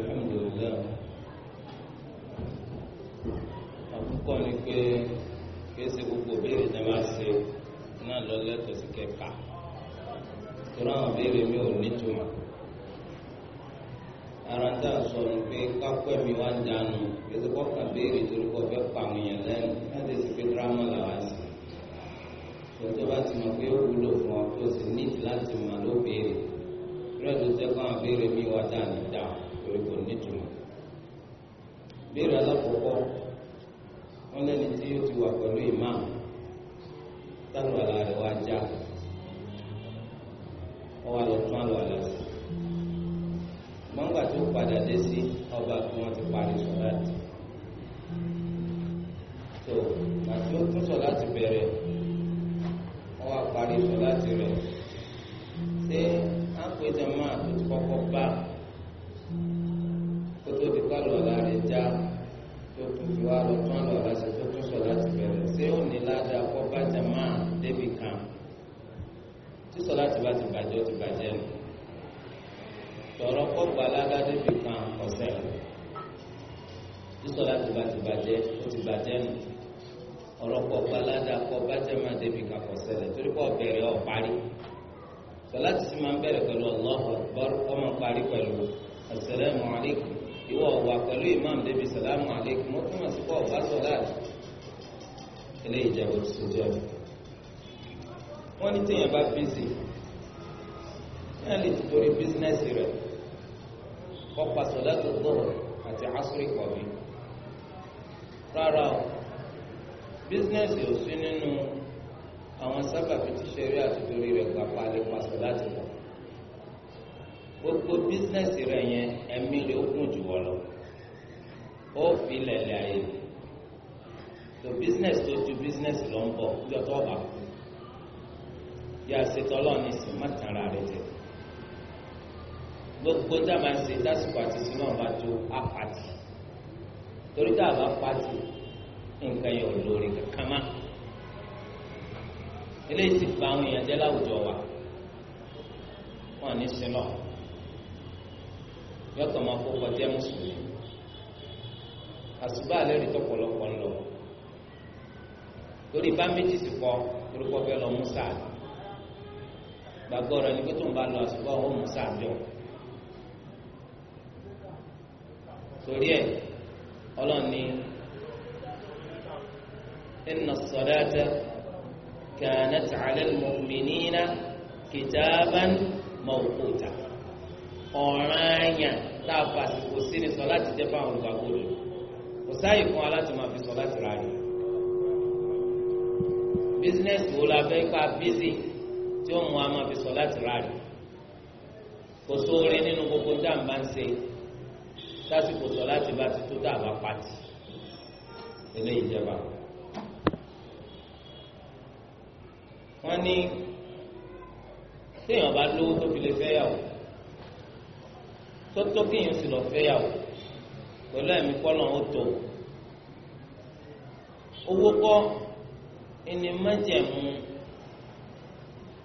الحمد لله àkọ́kọ́ ni pé kìí ṣe gbogbo béèrè tẹ́ máa ṣe náà lọ lẹ́tọ̀ọ́ sí kẹfà torí àwọn béèrè mi ò nítumọ̀ ara tá a sọ ni pé kápẹ́ mi wá ń dànù kìí ṣe kọ́kàn béèrè torí kọ́ fẹ́ pa àwọn èèyàn lẹ́nu torí kò nítumọ̀. béèrè alákọ̀ọ́kọ́ wọn lẹ́ni tí ó ti wà pẹ̀lú ìmáàmù táwọn àlá rẹ̀ wá já wọ́n wá lọ tún àlọ́ àlá sí. mọ́ngbà tó padà dé sí ọba tí wọ́n ti parí sọ̀rọ̀ àti. tó àti ó tún sọ̀rọ̀ àti bẹ̀rẹ̀ wọ́n wá parí sọ̀rọ̀ àti rẹ̀ ṣé àpèjẹ máa tó ti kọ́kọ́ bá a. tún àlọ́lá ṣe tó tún sọ láti bẹ̀rẹ̀ ṣé ò ní ládàá kọ́ bá jẹ máa débi kan tí sọ láti bá ti bàjẹ́ ó ti bàjẹ́ nù tọ̀rọ̀ kọ́ gba ládàá débi kan ọ̀sẹ̀ tí sọ láti bá ti bàjẹ́ ó ti bàjẹ́ nù ọ̀rọ̀ kọ́ gba ládàá kọ́ bá máa débi kan ọ̀sẹ̀ rẹ̀ torí kọ́ bẹ̀rẹ̀ ọ̀ parí sọ láti sì máa bẹ̀rẹ̀ pẹ̀lú Allahu Akbar ọmọ parí pẹ̀lú Assalamu alaikum ìwọ wà pẹ̀lú imam débi salamu alaykum ó túmọ̀ sí pọ̀ bá sọ láti ilé ìjẹ̀bù tó ṣe jẹ́ wọ́n ní téèyàn bá bísí náà lè ti torí bísínẹ́sì rẹ̀ kọ́ pa sọ̀látù Zuhr àti asúrì kọ̀bí rárá o bísínẹ́sì ò sí nínú àwọn sábàbí tí ṣẹ̀rí àti torí rẹ̀ gbà lè pa sọ̀látù gbogbo bísínẹ́sì rẹ̀ yẹn ẹ̀mí rẹ̀ ó kún jù wọ́ lọ ó fi lẹ̀lẹ̀ ayé tó bísínẹ́sì tó ju bísínẹ́sì lọ ń bọ̀ níjọ́ tó bá kú yà ṣètò ọlọ́ọ̀ni sì má tàn rẹ̀ jẹ gbogbo tá a máa ń ṣe lásìkò àti sinú ọba tó a pàtì torí tá a bá pàtì nǹkan yẹn ò lórí kankan má eléyìí ti fa àwọn èèyàn jẹ́ láwùjọ wa wọn ní sinú yọkàn máa fọwọ́ jẹ́ mùsùlùmí àṣùbà lẹ́rìí tọ̀pọ̀lọpọ̀ ń lọ lórí bá méjì sì kọ orúkọ fẹ́ lọ musa gbàgbọ́ rẹ ni pé tó ń bá lọ àṣùbà ó musa jọ torí ẹ ọlọ́ni inna as-salata kanat 'ala al-mu'minina ọ̀ràn ẹ̀yàn tá a fàṣì kò sí ní sọ láti jẹ́ fáwọn olùgbàgbọ́ rẹ̀ kò sáàyè fún wa láti máa fi sọ láti ra rẹ̀ bísínẹ́sì wo la fẹ́ pa bísí tí ó mú wa máa fi sọ láti ra rẹ̀ kò sóore nínú gbogbo dáǹbá ń ṣe sásìkò sọ láti bá ti tó dáàbá pàtì eléyìí jẹba wọn ní téèyàn bá lówó tó fi lè fẹ́ yàwó tó tó kéèyàn sì lọ fẹ́yàwó pẹ̀lú ẹ̀mí kọ́nà ó tó owó kọ́ ẹni májẹ̀mú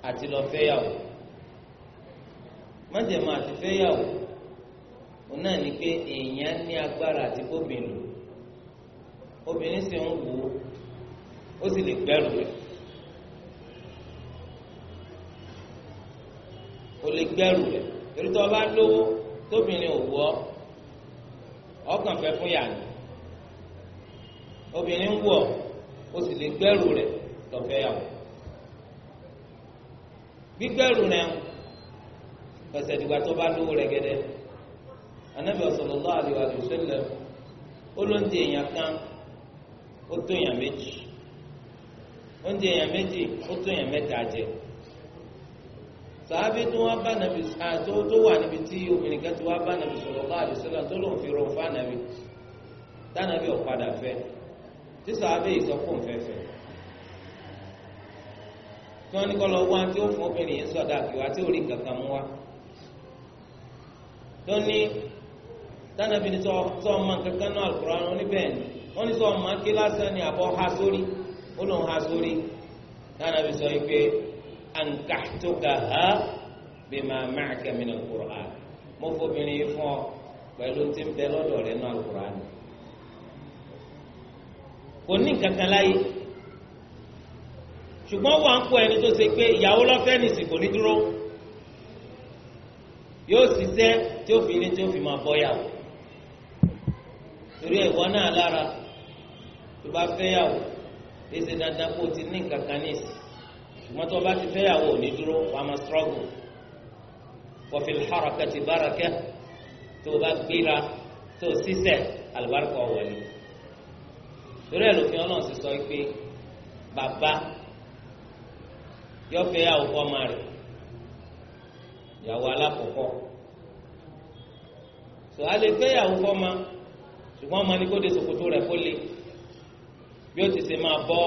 àti lọ fẹ́yàwó májẹ̀mú àti fẹ́yàwó òun náà ni pé èèyàn ní agbára àti bóbin obìnrin sì ń wò ó sì lè gbẹ́rù rẹ̀ ó lè gbẹ́rù rẹ̀ torí tó o bá lówó tóbìnrin ò wọ ọkàn fẹ́ fún yàrá obìnrin ń wọ o sì lè gbẹ́rù rẹ̀ tọ̀fẹ́ yàwó gbígbẹ́rù rẹ̀ pẹ̀sẹ̀ ìdìgbà tó bá lówó rẹ̀ gẹ́dẹ́ anabi sallallahu alaihi wa sallam ó ló ń di èèyàn kan ó tó èèyàn méjì ó ń di èèyàn méjì ó tó èèyàn mẹ́ta jẹ sàábí tó wá bá nàbì àti tó wà níbi tí obìnrin kan ti wá bá nàbì sallallahu alaihi wasallam tó lòun fi rọrùn fánàbì tánàbì ọ̀padà fẹ́ tí sàábí ìsọkùn fẹ́fẹ́ tí wọ́n ní kọ́ lọ wá tí ó fún obìnrin yìí sọ̀dá àkìwá tí ò rí kankan mú wá tó ní tánàbì ní sọ ọmọ kankan náà Al-Qur'an oníbẹ̀ ni wọ́n ní sọ ọmọ kí lásán ni àbọ̀ ha sórí ó lòun ha sórí tánàbì sọ yìí pé ankahtukaha bima ma'aka min ha mo fobìnrin yìí fún ọ pẹ̀lú tí ń bẹ lọ́dọ̀ rẹ̀ náà al kò ní kankan láyé ṣùgbọ́n wà ń kó ẹni tó ṣe pé ìyàwó lọ́fẹ́ nìsín kò ní dúró yóò ṣiṣẹ́ tí ó fi ní tí ó fi máa bọ́yàwó torí ẹ̀wọ́ náà lára tó bá fẹ́ yàwó lè dandan ṣùgbọ́n tó o bá ti fẹ́ yàwó òní dúró wàá máa struggle wa fil harakati baraka tó o bá gbéra tó o sísẹ̀ àlùbáríkà wọlé torí ẹ̀ lófin ọlọ́run ti sọ pé bàbá yọ fẹ́ yàwó kọ́ máa rẹ̀ yàwó alákọ̀ọ́kọ́ tó a lè fẹ́ yàwó kọ́ máa ṣùgbọ́n ọmọ ní kó de ṣòkòtò rẹ̀ kó le bí ó ti ṣe máa bọ́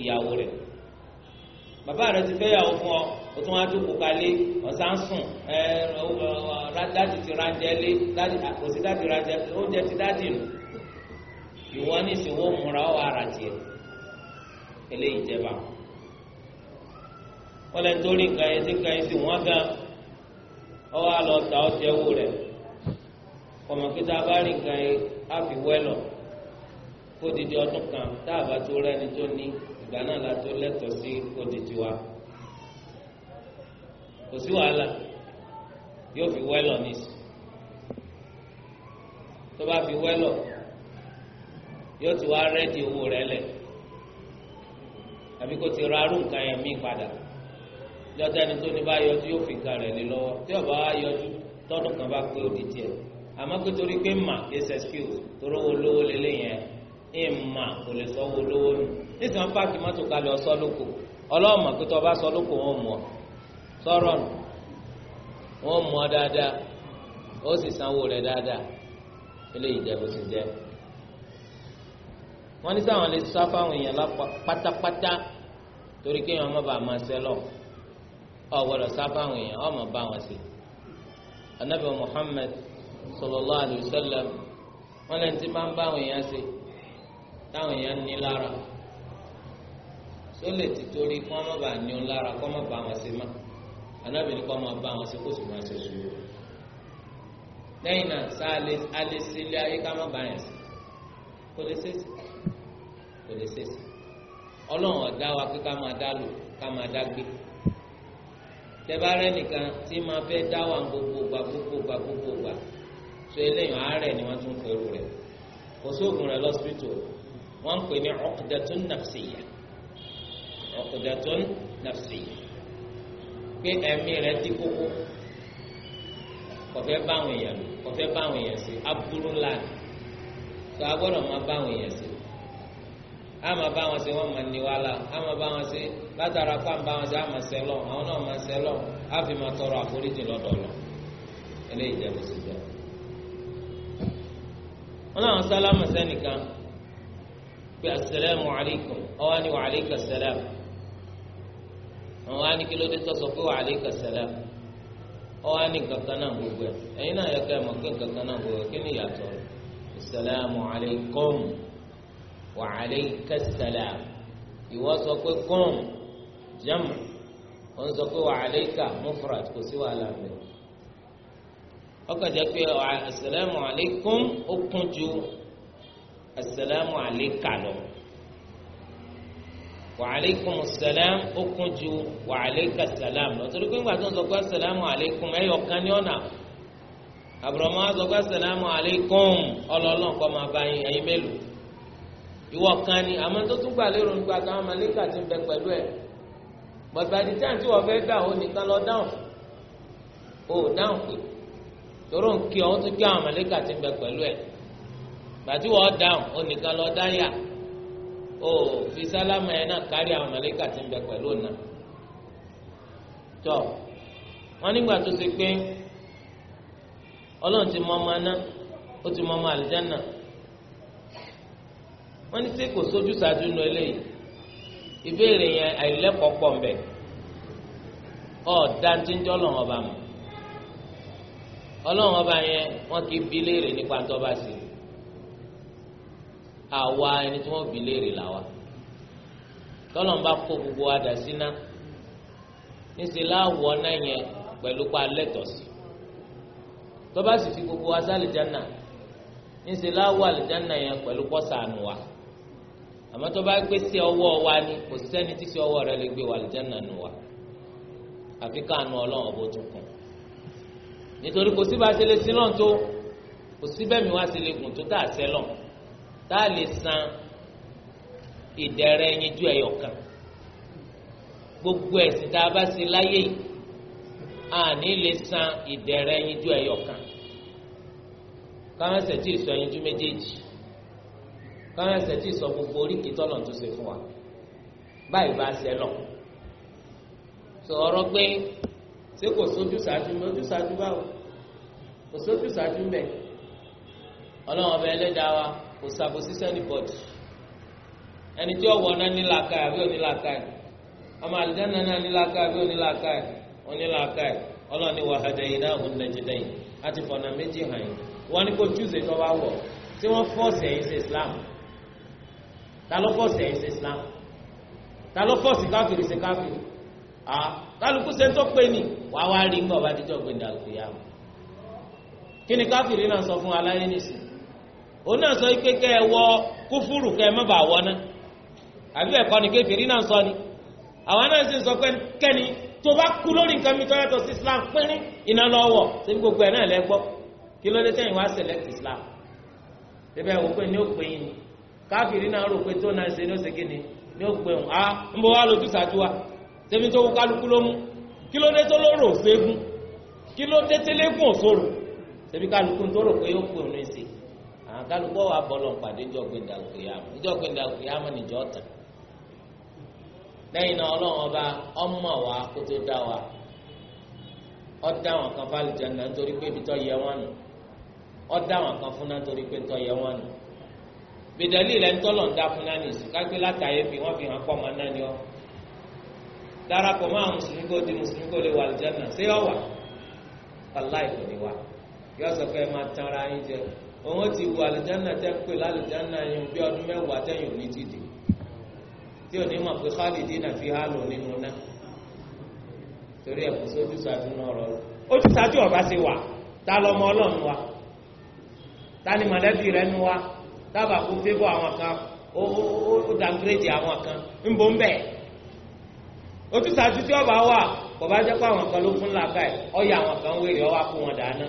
ìyàwó rẹ̀ bàbá rẹ ti fẹ́yàwó fún ọ o tún wá jókòó kalẹ̀ ọ̀sán sùn dájú ti ránjẹ lé kò sí dájú ránjẹ oúnjẹ ti dájú nù ìwọ ní ìsìnwó múra ọ ara tiẹ̀ eléyìí jẹba wọn lẹ nítorí nǹkan yẹn tí nǹkan sì wọn gan ọ wá lọ ta ọ jẹ owó rẹ ọmọ bá rí nǹkan á fi wẹ lọ kó didi ọdún kan tá a bá tó rẹni tó ní ìgbà náà la tó lẹ́tọ̀ọ́ sí odi tiwa kò sí wàhálà yóò fi wẹ́lọ̀ nísì tó bá fi wẹ́lọ̀ yóò ti wá rẹ́ẹ̀dì owó rẹ̀ lẹ̀ àbí kò ti ra arú nǹkan yẹn mí padà lọ́jọ́ ẹni tó ní bá yọjú yóò fi nǹkan rẹ̀ lé lọ́wọ́ tí ọba wa yọjú tọ́dún kan bá pé odi tiẹ̀ àmọ́ pé torí pé mà kí ẹ sẹ́síkìlì torówó lówó lélẹ́yìn ẹ̀ ń kò lè sọ́wọ́ lówó nù. nísìnyí wọn páàkì mọ́tò kalẹ̀ ọ̀sọ́ lóko ọlọ́ọ̀mọ̀ pé tó o bá sọ lóko wọn mọ̀ sọ̀rọ̀ nù wọn mọ̀ dáadáa ó sì sanwó dáadáa eléyìí bó wọn ní sáwọn lè sá fáwọn èèyàn pátápátá torí kéèyàn ọmọ bàá máa sẹ́lọ̀ sá fáwọn èèyàn ọmọ bá wọn sí anabi Muhammad sallallahu alayhi tó lè ti torí kọ́ má bàa ní ọ́n lára kọ́ má bàa wọn ṣe má anábìrin kọ́ má bàa wọn ṣe kó sì máa ṣe sùúrù lẹ́yìn náà sá alẹ́ sí ilé ayé ká má bàa yẹn sí kò lè ṣèṣì kò lè ṣèṣì ọlọ́run ọ̀dá wa pé ká máa dá lò ká máa dá gbé tẹ́bárẹ́ nìkan tí máa fẹ́ dá wà gbogbo gbà gbogbo gbà gbogbo gbà so eléyìí àárẹ̀ ni wọ́n tún fẹ́rù rẹ̀ kò sóògùn rẹ̀ lọ́sibítù wọ́n ń pè ní uqdatun nafsiyya uqdatun nafsiyya pé ẹ̀mí rẹ̀ ti kókó kọfẹ báwọn èèyàn lò kọfẹ báwọn èèyàn ṣe aburú ńlá ni tó a gbọ́dọ̀ máa báwọn èèyàn ṣe a máa bá wọn ṣe wọn máa ní wàhálà a máa bá wọn ṣe látara fáwọn bá wọn ṣe a máa ṣe lọ àwọn náà máa ṣe lọ a fi máa tọrọ àforíjì lọ́dọ̀ lọ eléyìí jẹ bùsùn jẹ. wọn náà sálámù sẹ́nìkan pé asalaamu alaykum ọwọ́ ni wa aleykum salaam àwọn anìkílódé sọsọ pé wa alayka salam ọwọ á ní kankan náà gbogbo ẹ ẹyin náà yẹ ká ẹ mọ̀ pé kankan náà gbogbo ẹ kí ni ìyàtọ̀ rẹ̀ assalamu alaykum wa alayka salam ìwọ sọ pé kum jam wọn sọ pé wa alayka mufrad kò sí wàhálà mi ọkàn jẹ pé assalamu alaykum ó kún ju assalamu alayka lọ. wàhálẹ́kùn sàlám ó kún ju wàhálẹ́kà wa lọ torí pé ńgbà tó ń sọ pé sàlámù àlẹ́kùn ẹ̀yọ̀ ní ọ̀nà àbùrọ̀mọ́ sọ pé sàlámù àlẹ́kùn ọlọ́ọ̀lọ́ kọ́ máa bá yín ẹ̀yin mélòó ìwọ kan ni àmọ́ tó tún gbà lérò nípa káwọn ti bẹ pẹ̀lú ẹ̀ tí wọ́n fẹ́ ó lọ dáhùn ó dáhùn pé torí ń kí ọ kí àwọn ti bẹ pẹ̀lú ẹ̀ wọ́n dáhùn ó nìkan lọ o fi sálámà yẹn náà kárí àwọn màlàíkà ti ń bẹ pẹ̀lú ọ̀nà tọ́ wọn nígbà tó ṣe pé ọlọ́run ti mọ ọmọ aná ó ti mọ ọmọ wọn ní sẹ́kò sójú ṣáájú nu eléyìí ìbéèrè yẹn àìlẹ́kọ̀ọ́ pọ̀ ń bẹ ọ̀ lọ́wọ́ ọba mọ̀ bi léèrè nípa tó bá àwa ẹni tí wọ́n fi léèrè làwa tọ́lọ̀ ń bá kó gbogbo adà síná níṣẹ́ láwọ̀ náà yẹn pẹ̀lú pa lẹ́tọ̀ọ̀sì tọ́ba sì fi gbogbo wa sálì jánà níṣẹ́ láwọ̀ àlìjánà yẹn pẹ̀lú pọ́sàánù wa àmọ́ tọ́ba gbé sí ọwọ́ wa ni kò sẹ́ni tí sí ọwọ́ rẹ lè gbé wa àlìjánà nù wa àfi káànù ọlọ́run ọ̀bọ tó kàn nítorí kò sí bá a ṣe lè sílọ̀ tó kò sí bẹ́ẹ̀ mi wá ṣe lè gùn tó tà sẹ́lọ̀ tá a lè san ìdẹ̀rẹ̀ ẹyin ju ẹyọ kan gbogbo ẹ̀sìn tá a bá ṣe láyé yìí a ní lè san ìdẹ̀rẹ̀ ẹyin ju ẹyọ kan káwọn ṣètì sọ ẹyin ju méjèèjì káwọn ṣètì sọ gbogbo oríkì tọ́nà tó ṣe fún wa báyìí bá ṣe lọ sọ̀rọ̀ pé ṣé kò sójú ṣáájú lójú ṣáájú báwo kò sójú ṣáájú mbẹ ọlọ́run ọba ẹlẹ́dàá wa kò sàbòsí sẹ́nìbọ̀dì ẹni tí ọ̀wọ́ náà nílàkà àbí onílàkà ẹ̀ ọmọ àlùjáná náà nílàkà àbí onílàkà ẹ̀ onílàkà ẹ̀ ọlọ́ọ̀ni wà hàdà yìí náà òun nàìjíríà yìí láti fọ̀nà méjì hàn yìí wọ́n ní kó túzé tó bá wọ̀ tí wọ́n fọ́ọ̀sì ẹ̀yìn sí Islam ta ló fọ́ọ̀sì ẹ̀yìn sí Islam ta ló fọ́ọ̀sì káfìrì sí káfìrì à kálukú sẹ́ńtọ́ pé ní wàá wá rí ń bọ̀ bá díjọ́ gbẹ̀dàgbé yà kí ni káfìrì náà sọ fún aláyé òun náà sọ pé kẹ́ ẹ wọ kúfúrù kẹ́ ẹ má bàa wọ náà àbí ni kékeré náà sọ ni àwọn náà sì sọ pé kẹ́ni tó bá kú lórí nǹkan mi tó yàtọ̀ Islam pínrín iná gbogbo ẹ̀ náà lẹ́ gbọ́ kí ló dé Islam síbẹ̀ wò ni káfíìrì náà rò pé tó náà ṣe ní ó ṣe kí ni ní ó pè ah, ń wá lójú ṣáájú wa tó wú kálukú ló mú kí ló dé tó kí ló dé tẹ́lẹ́gùn òṣòro kálukú wa bọlọ pàdé jọ gbẹndà òkèyàmù jọ gbẹndà òkèyàmù nìjọ tán lẹ́yìn náà ọba ọmọ wa kó tó dá wa ọdá àwọn kan fún alìjẹnà nítorí pé ibi yẹ wọn nù ọdá kan fún náà nítorí pé yẹ wọn nù bìdẹ́lì ń dá fún náà kápẹ́ látàyè fi wọ́n fi hàn náà ni darapọ̀ mọ́ àwọn mùsùlùmí kò di mùsùlùmí kò lè wà ọ òun ti wù àlùjáná tẹ́ ń pè lálùjáná yìí bí ọdún mẹ́wàá tẹ́yìn òní ti dì tí òní mọ̀ pé khalidina fiha lò nínú náà torí ẹ̀ kò sójú sáájú náà rọ ojú sáájú ọba ṣe wà ta lọmọ ọlọ́run wa ta ni mọ̀lẹ́bí rẹ nu wa dábàá kó fébọ̀ àwọn kan ó dàgbéjì àwọn kan ń bọ̀ ń bẹ̀ ojú sáájú tí ọba wà bọ̀bá jẹ́ pé àwọn kan ló fún làákà ẹ̀ ọ̀yà àwọn kan wèrè ọwá kó wọn dáná.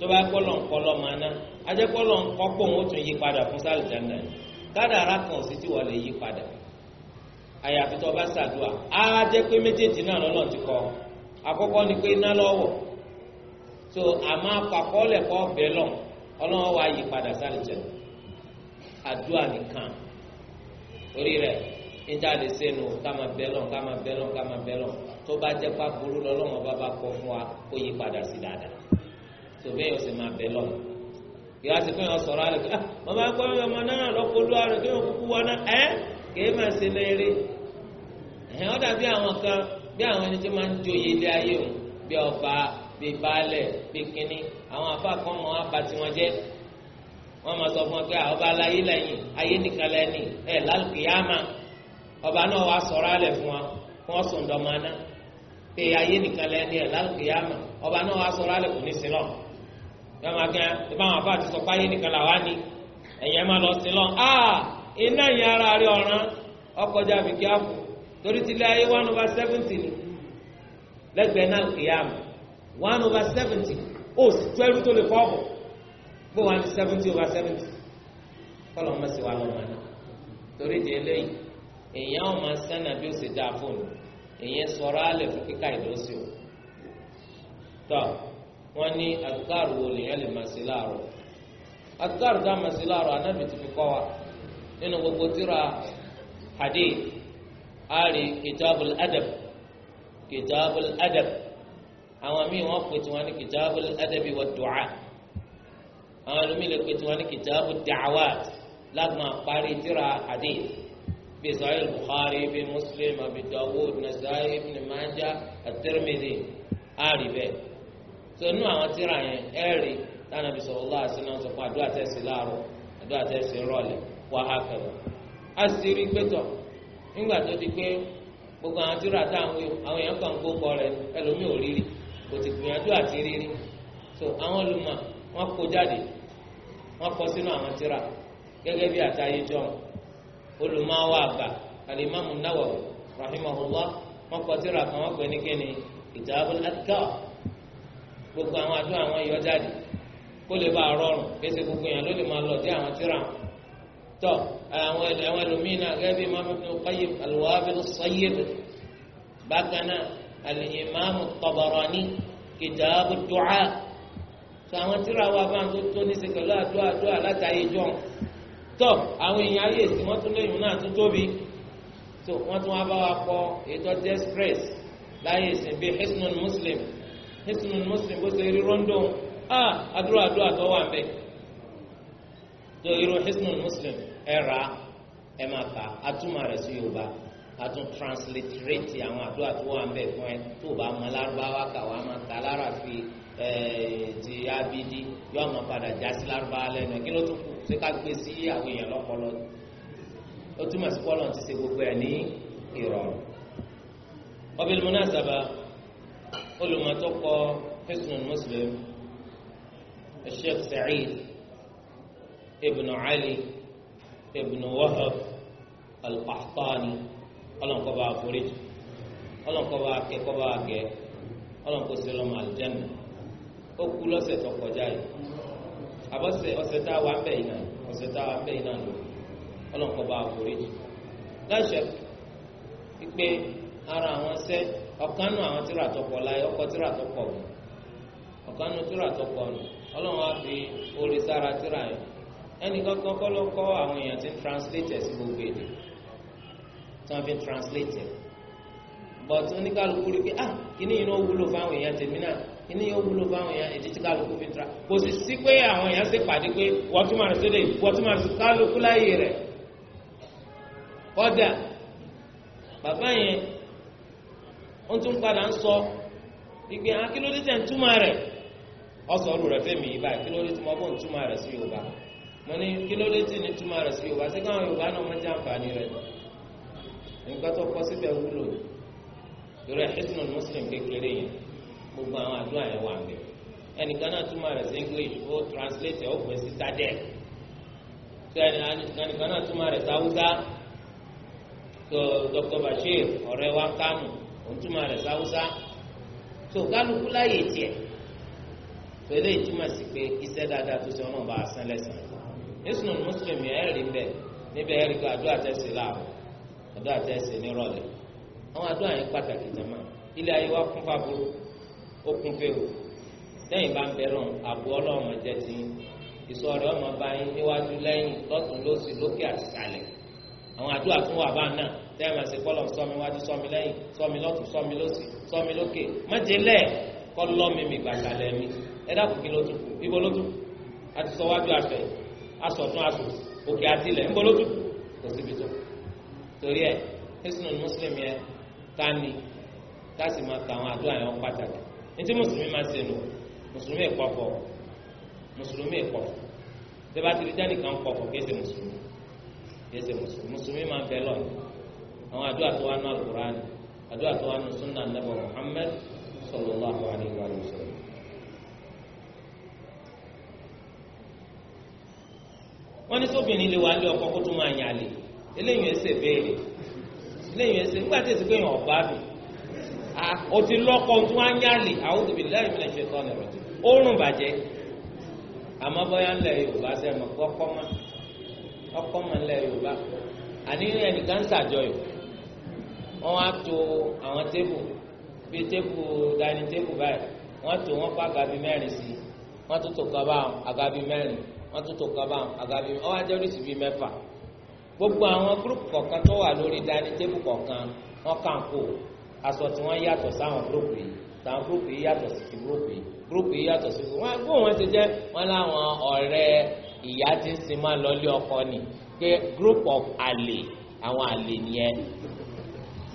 tó bá kpọlọ ńkọlọ máa ná ajẹ kpọlọ ńkọkpọ ń tún yí padà fún sáà lìjànà kádàrá sì ti wà lè yí padà àyàfi tó bá ṣàdúrà á jẹ pé méjèèjì náà lọ́nà ti kọ àkọ́kọ́ ni pé iná lọ́wọ́ tó kọ́ bẹ́ẹ̀ lọ ọlọ́wọ́ wa yí padà kama bẹ́lọ̀ kama bẹ́lọ̀ kama bẹ́lọ̀ tó bá jẹ́ tó bẹ́ẹ̀ yóò ṣe máa bẹ̀ lọ. yóò wá sí pé wọ́n sọ̀rọ̀ àlọ́ pé ah bàbá ọmọ náà kí kúkú wọn náà ẹ́ kìí máa ṣe lẹ́rẹ́. ẹ̀hìn ọ̀dà bí àwọn kan bí àwọn ẹni tó máa ń joyè ilé ayé bí ọba bí baálẹ̀ bí kínní àwọn afá kan mọ apá tí máa sọ fún ọ pé ah, ọba aláyé ayé nìkan ọba náà wàá fún wa náà pé yọ máa gbẹ ibà wọn nìkan làwa ni máa lọ sí lọ́n a ah! iná yẹn ara rí ọ̀ràn ọkọjá àbíkí àpò torí ti lé ayé one over seventy ni lẹ́gbẹ̀ẹ́ náà kìí àmì one over seventy ó sì tó ẹrú tó lè fọ́ ọ̀bọ̀ bó seventy over seventy kọlọ ọmọ sì wà náà torí di eléyìí èèyàn ọmọ sẹ́nà bí ó sì dáa fóònù èèyàn sọ̀rọ̀ alẹ́ fún kíkà o tọ́. So, wọ́n ní àdúgbàrú wo lèèyàn lè máa ṣe láàárọ̀ àdúgbàrú dá máa ṣe láàárọ̀ anábì ti fi kọ́ wa nínú gbogbo tíra hadith ari kitabul adab kitabul adab àwọn míì wọ́n pè tiwọn ní kitabul adabi wa du'a àwọn ẹlòmíì lè pè tiwọn ní kitabul da'awat lágbọn àparí tíra hadith bíi sahih bukhari bíi muslim abi dawud nasa'i ibn majah at ari bẹ́ẹ̀. so inú àwọn tíra yẹn ẹ̀rí tánà bí sọ̀rọ̀ lọ́wọ́ àti náà sọ fún àdúrà tẹ̀sí láàárọ̀ wà á kẹwàá. a sì rí gbẹ́tọ̀ nígbà tó di pé gbogbo àwọn tíra táwọn àwọn èèyàn kan gbó kọ rẹ ẹlòmíì ò kò ti gbìyànjú àti so àwọn olùmọ̀ wọn kó jáde wọn kọ sínú àwọn tíra bi bí àtàyè jọ̀ọ́ olùmọ̀ àwọn àgbà alimami Ma rahimahullah wọn kọ tíra kan wọn pè ní kíni gbogbo àwọn àdúrà àwọn yọ jáde kó lè bá a rọrùn kése gbogbo yẹn ló lè máa lọ dé àwọn tíra wọn tọ àwọn àwọn ẹlòmíín náà gẹ́gẹ́ bí imaamu ibn qayyim alwaabi sayyid bákan náà alimami tabarani kìtàbù du'a tọ àwọn tíra wa bá ń tó tó ní sèkè lọ àdúrà àdúrà látàyè jọ̀ọ́ tọ àwọn èèyàn ayé èsì wọn tún lẹ́yìn náà tó tóbi tó wọn tún wá bá wa kọ ètò jẹ stress láyé ìsìn bíi hisnul muslim. Hisnul Muslim bó ṣe rí rọ́ńdọ̀n a àdúrà àdúrà tó wà bẹ́ẹ̀ tó irú Hisnul Muslim ẹ rà ẹ máa kà àtúmọ̀ rẹ̀ sí Yorùbá àtún transliterate àwọn àdúrà tó wà bẹ́ẹ̀ fún ẹ tó o bá mọ lárúbáwá kà wá máa ta lára fi ti abidi yóò máa padà já sí lárúbáwá lẹ́nu kí ló tún kù ṣé ká gbé sí àwọn èèyàn lọ́pọlọ ó túmọ̀ sí pọ́lọ̀ ti ṣe gbogbo ẹ̀ ní ìrọ̀rùn. ọbẹ̀ lónà sábà olùmọ̀tòkọ Hisnul Muslim Sheikh Sa'id ibn Ali ibn Wahab al-Qahtani ọlọ́nkọ́ba àforíjì ọlọ́nkọ́ba akẹ́kọ́ba àgẹ́ ọlọ́nkọ́sẹ́ lọ́mọ àlùjánnà ó kú lọ́sẹ̀ tó kọjá yìí àbọ̀sẹ̀ ọ̀sẹ̀ tá a wà bẹ́ẹ̀ náà ọ̀sẹ̀ tá a wà bẹ́ẹ̀ náà lò ara àwọn sẹ́ẹ̀. ọ̀kan nu àwọn tíra tó láyé ọkọ tíra tó pọ̀ tíra tó pọ̀ nù ọlọ́run fi orí sára tíra yẹn ẹnì kankan kọ́ ló kọ́ àwọn èèyàn tí ń translate si sí gbogbo èdè tí translate but oníkàlùkù rí pé ah kíní yìí ló wúlò fáwọn èèyàn tèmi náà kíní yìí ó wúlò fáwọn èèyàn èdè tí kàlùkù fi ń tra kò sì sí pé àwọn èèyàn ṣe pàdé pé kàlùkù láyé wọ́n tún padà ń sọ ìgbé akílódé ah, tẹ̀ ń túmọ̀ rẹ̀ ọ̀sọ̀ ọ̀rù rẹ̀ fẹ́mi yìí báyìí kílódé tí mo bọ̀ ń túmọ̀ rẹ̀ sí yorùbá mo ní kílódé tí ní túmọ̀ rẹ̀ sí yorùbá ṣé káwọn yorùbá náà wọ́n jẹ́ àǹfààní rẹ̀ tó kọ́ síbẹ̀ wúlò ẹ̀sìn translate ó pè sí ẹnìkan náà túmọ̀ rẹ̀ òtúmọ̀ rẹ̀ sáwúsá tó kálukú láyè tiẹ̀ pẹ̀lú ìtumọ̀ sí pé iṣẹ́ dáadáa tó ṣe ọ̀nà bá a san lẹ́sàn yéṣùnà mùsùlùmí ẹ̀ rí bẹ́ẹ̀ níbẹ̀ ẹ̀ rí kó àdúrà tẹ̀sí láàrọ̀ àdúrà tẹ̀sí nírọ̀lẹ́ àwọn àdúrà yẹn pàtàkì jama ilé ayé wa kún fáburú ó kún fèrò lẹ́yìn bá ń bẹ̀rọ̀ àbú ọlọ́run jẹ́ ti ìsọ̀rọ̀ ọmọ báyìí níwájú lẹ́yìn lọ́tún lósì lókè àtìsàlẹ̀ àwọn àdúrà tún wà bá náà tẹ́ẹ̀mà sí kọ́lọ̀ sọmi wájú sọmi lẹ́yìn sọmi lọ́tún sọmi lọ́sì sọmi lókè mọ́tẹ́lẹ̀ kọ́lọ́ mi mi gbàgbà lẹ́mi ẹ dákun kí ló tún kù ibo ló tún àti sọ wájú àfẹ asọ̀tún asọ̀ òkè àti ilẹ̀ ńbọ ló tún kò síbi tó torí ẹ ẹsùnù mùsùlùmí yẹn ká ní ká sì máa ka àwọn àdúrà yẹn pàtàkì ní mùsùlùmí máa ṣe nù mùsùlùmí ìkọ̀fọ̀ mùsùlùmí ìkọ̀fọ̀ tẹ́bátìrì jáde kan kọ̀fọ̀ kí ẹ ṣe mùsùlùmí kí ẹ ṣe mùsùlùmí máa ń bẹ lọ́nà. àwọn àdúrà tó wà nù alukur'an àdúrà tó wà nù sunna anabi muhammed sallallahu alayhi wa sallam. wọ́n ní sóbìnrin lè wá lé ọkọ kó tó máa yàn eléyìí ẹsẹ̀ béèrè eléyìí ẹsẹ̀ nígbà tí yàn ọ̀bá mi o ti lọ́kọ tó wá yàn lè àwọn òbí lẹ́yìn fún ẹ̀ṣẹ̀ tọ́lẹ̀ rẹ̀ ó rùn bàjẹ́ àmọ́ bóyá ńlẹ̀ yorùbá sẹ́yìn mọ́ ọkọ́ mọ́ ńlẹ̀ wọ́n wá to àwọn tébù bíi tébù dání tébù báyìí wọ́n to wọ́n pa àgàbí mẹ́rin sí wọ́n tó tó kaba àgàbí mẹ́rin wọ́n tó tó kaba àgàbí mẹ́rin wọ́n á jẹ́ oríṣi bíi mẹ́fà gbogbo àwọn gúrùpù kọ̀ọ̀kan tó wà lórí dání tébù kọ̀ọ̀kan wọ́n kàn kó aṣọ tí wọ́n yàtọ̀ sáwọn gúrùpù yìí táwọn gúrùpù yìí yàtọ̀ sí ti gúrùpù yìí gúrùpù yìí yàtọ̀ sí fún wọn gbọ́ wọn ti jẹ́ wọn láwọn ọ̀rẹ́ ìyá ti ń sin máa lọ́lé ọkọ ni pé group of àlè àwọn àlè nìyẹn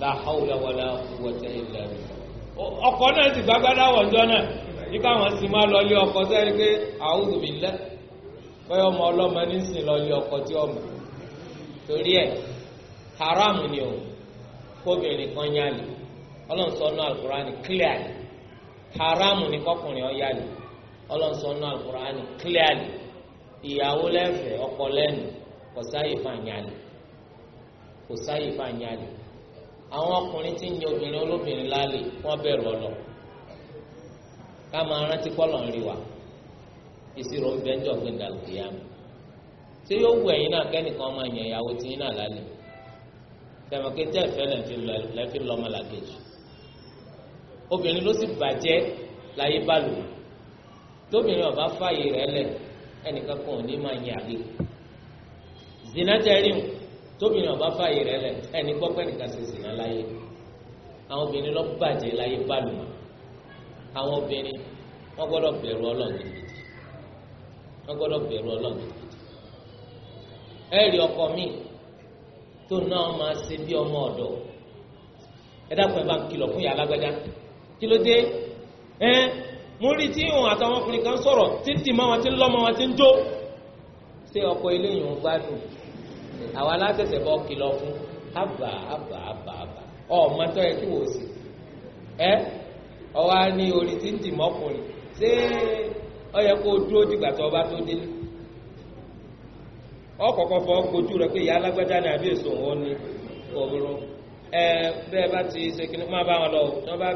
la hawla wala quwwata illa billah ọkọ̀ náà ti gbágbádá wọ̀njọ́ náà nípa àwọn sì máa lọ ilé ọkọ̀ sẹ́rí pé a'udhu billah bọ́yọ̀ ọmọ ọlọ́mọ ní sìn lọ ilé ọkọ̀ tí ọmọ torí ẹ̀ haram ni o kóbìnrin kan yálè ọlọ́nsọ́nù alukur'ani clearly haram ni kọkùnrin ọ̀yálè ọlọ́nsọ́nù alukur'ani clearly ìyàwó lẹ́fẹ̀ẹ́ ọkọ lẹ́nu kò sáyè fún àyàlè kò sáyè fún àyàlè àwọn ọkùnrin tí ń yan obìnrin olóbìnrin lálẹ́ wọ́n bẹ̀rù ọlọ ká máa rántí kọlọ ń rí wa ìṣirò ń bẹ ń jọ gbẹngà lùkìyà mi ṣé yóò wù ẹ̀yin náà kẹ́nìkan máa yan ìyàwó tí yín náà lálẹ́ tẹmọkẹ tẹ ẹfẹ lẹfi lọmọ làkejì obìnrin ló sì bàjẹ́ láyé bálò tóbìnrin ọba fààyè rẹ̀ lẹ ẹnìkan kan ò ní máa yan àlè zinajẹrin tóbìnrin ọba fààyè rẹ̀ lẹ̀ ẹni gbọ́ pé nìkan ṣe sìnà láyé àwọn obìnrin lọ bàjẹ́ láyé bálùmọ̀ àwọn obìnrin wọ́n gbọ́dọ̀ bẹ̀rù Ọlọ́run gidigidi wọ́n gbọ́dọ̀ bẹ̀rù Ọlọ́run gidigidi ẹ̀rí ọkọ mi tó náà máa ṣe bí ọmọ ọ̀dọ̀ ẹ dákun ẹ bá kìlọ̀ fún yàrá lágbájá kí ló dé ẹ mo rí tí ìwọn àtàwọn ọkùnrin kan sọ̀rọ̀ tí mọ́ wọn tí ń lọ́mọ wọn tí ń jó ṣé ọkọ eléyìí ń gbádùn awala aláṣẹ̀ṣẹ̀ bọ́ kìlọ̀ fún àbà àbà àbà àbà ọmọ tó kí wò ó sì ẹ ọwọ́ ní orí tí ń dì mọ́kùnrin ṣé ọ yẹ kó o tó o bá tó délé ọkọ̀ọ̀kọ̀ fọ́ rẹ pé ìyá alágbájá ni àbí èso òun ni òru ẹ bẹ́ẹ̀ bá ti ṣe kí ni má bá wọn lọ tí bá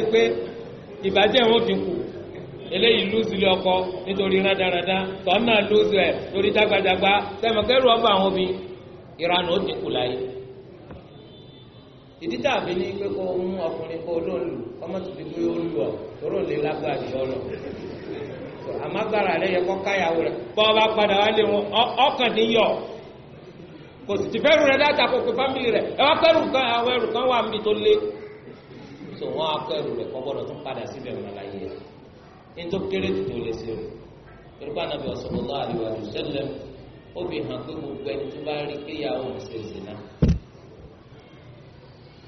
i pé ìbàjẹ́ wọn fi eléyìí lùzìlì ọkọ nítorí rádaràda tọ́n náà ẹ̀ lórí dágbàdàgbà sẹ́mi kẹ́rù ọba àwọn obì ó láyé. ìdí tàbí ní pé kó ọkùnrin kó olóòlù ọmọ tó fi gbé olú ọ lóró lè lágbára yọ lọ. rẹ yẹ kó káyàwó rẹ bọ́ ọba padà wálé wọn ọkàn ní kò sì ti fẹ́rù rẹ láti àkókò fámìlì rẹ ẹ wá kan àwọn ẹrù kan wà níbi tó nítorí kéré tó lè ṣe o torípa nàbẹ sallallahu alaihi wasallam ó fi hàn pé gbogbo ẹni tó bá rí kéyàwó ń ṣe zina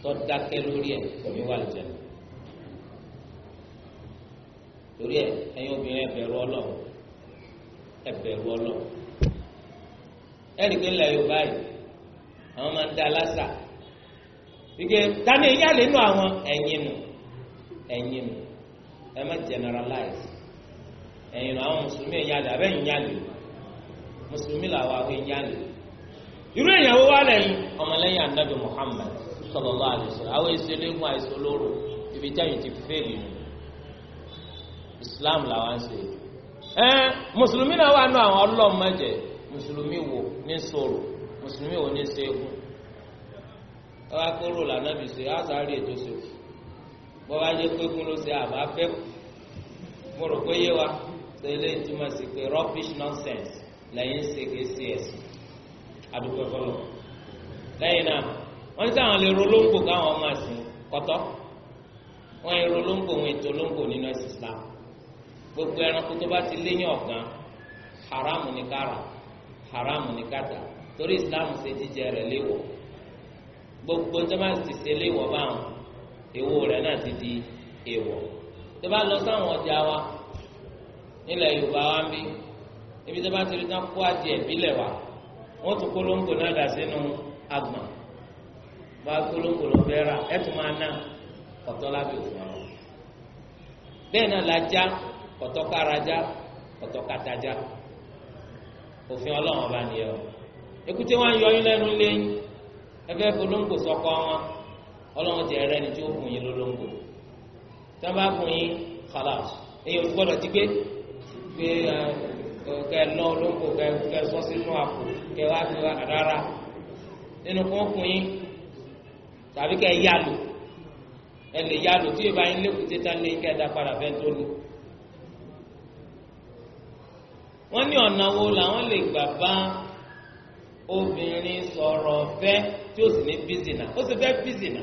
tó dákẹ́ lórí ẹ̀ kò ní wà lùjẹ́ lórí ẹ̀ ẹ̀yin obìnrin ẹ bẹ̀rù Ọlọ́run ẹ bẹ̀rù Ọlọ́run ẹ̀rí ńlẹ̀ Yorùbá yìí àwọn máa ń da lásà wíkẹ́ tani ìyá lẹ́nu àwọn ẹ̀yin nù ẹ̀yin nù ẹ má generalize ẹ̀yin náà àwọn mùsùlùmí ẹ̀yìn àdá abẹ́yìn yálè mùsùlùmí làwọn àwọn ẹ̀yìn yálè irú ìyàwó wa lẹ́yìn ọmọlẹ́yìn anabi Muhammad sallallahu alaihi wasallam àwọn èsì eléegun àìsàn olóró ibi tẹ́yìn ti fẹ́ẹ̀lì nù Islam làwọn ń ṣe ẹ mùsùlùmí náà wà nù àwọn ọlọ́mọdé mùsùlùmí wo ní sọ̀rọ̀ mùsùlùmí wo ní sẹ́kù ẹ wá kóró lànà bìí ṣe á sáré ètò ṣèkù. bọ́ wá yẹ pé kún ló ṣe mo rò pé yé wa ṣe ilé ìtumọ̀ sí pé rubbish nonsense lẹ́yìn ṣe sí ẹ̀sìn àdúgbò fọlọ́ lẹ́yìn náà wọ́n ní sáwọn lè rolóńgbò káwọn máa sìn kọ́tọ́ Islam gbogbo ẹranko tó bá ti ọ̀gán haramu kára haramu kata torí Islam ṣe jíjẹ gbogbo tó bá ti ṣe báwọn èwo rẹ̀ náà ti di èèwọ̀ tó bá lọ sáwọn ọjà wa nílẹ̀ Yorùbá wa ń bí ibi tó bá ti rí tán kó adìẹ ìbílẹ̀ wa wọ́n tún kólóńgò náà dà sínú agbọ̀n bá kólóńgò lọ tún máa ná òfin náà la já ọlọ́run ti rẹ ni tí ó fún yín lólóńgbò tí wọ́n bá fún yín khalas èyí ò gbọ́dọ̀ ti gbé gbé kẹ ná olóńgbò kẹ kẹ sọ sínú àpò kẹ wá fi wá rárá nínú kó fún yín tàbí kẹ yá lò ẹ lè yá lò tí yóò bá yín lékun títà ní kẹ dá padà fẹ́ tó ní. wọ́n ní ọ̀nà wo làwọn lè gbà bá obìnrin sọ̀rọ̀ fẹ́ tí ó sì ní bízìnà ó sì fẹ́ bízìnà.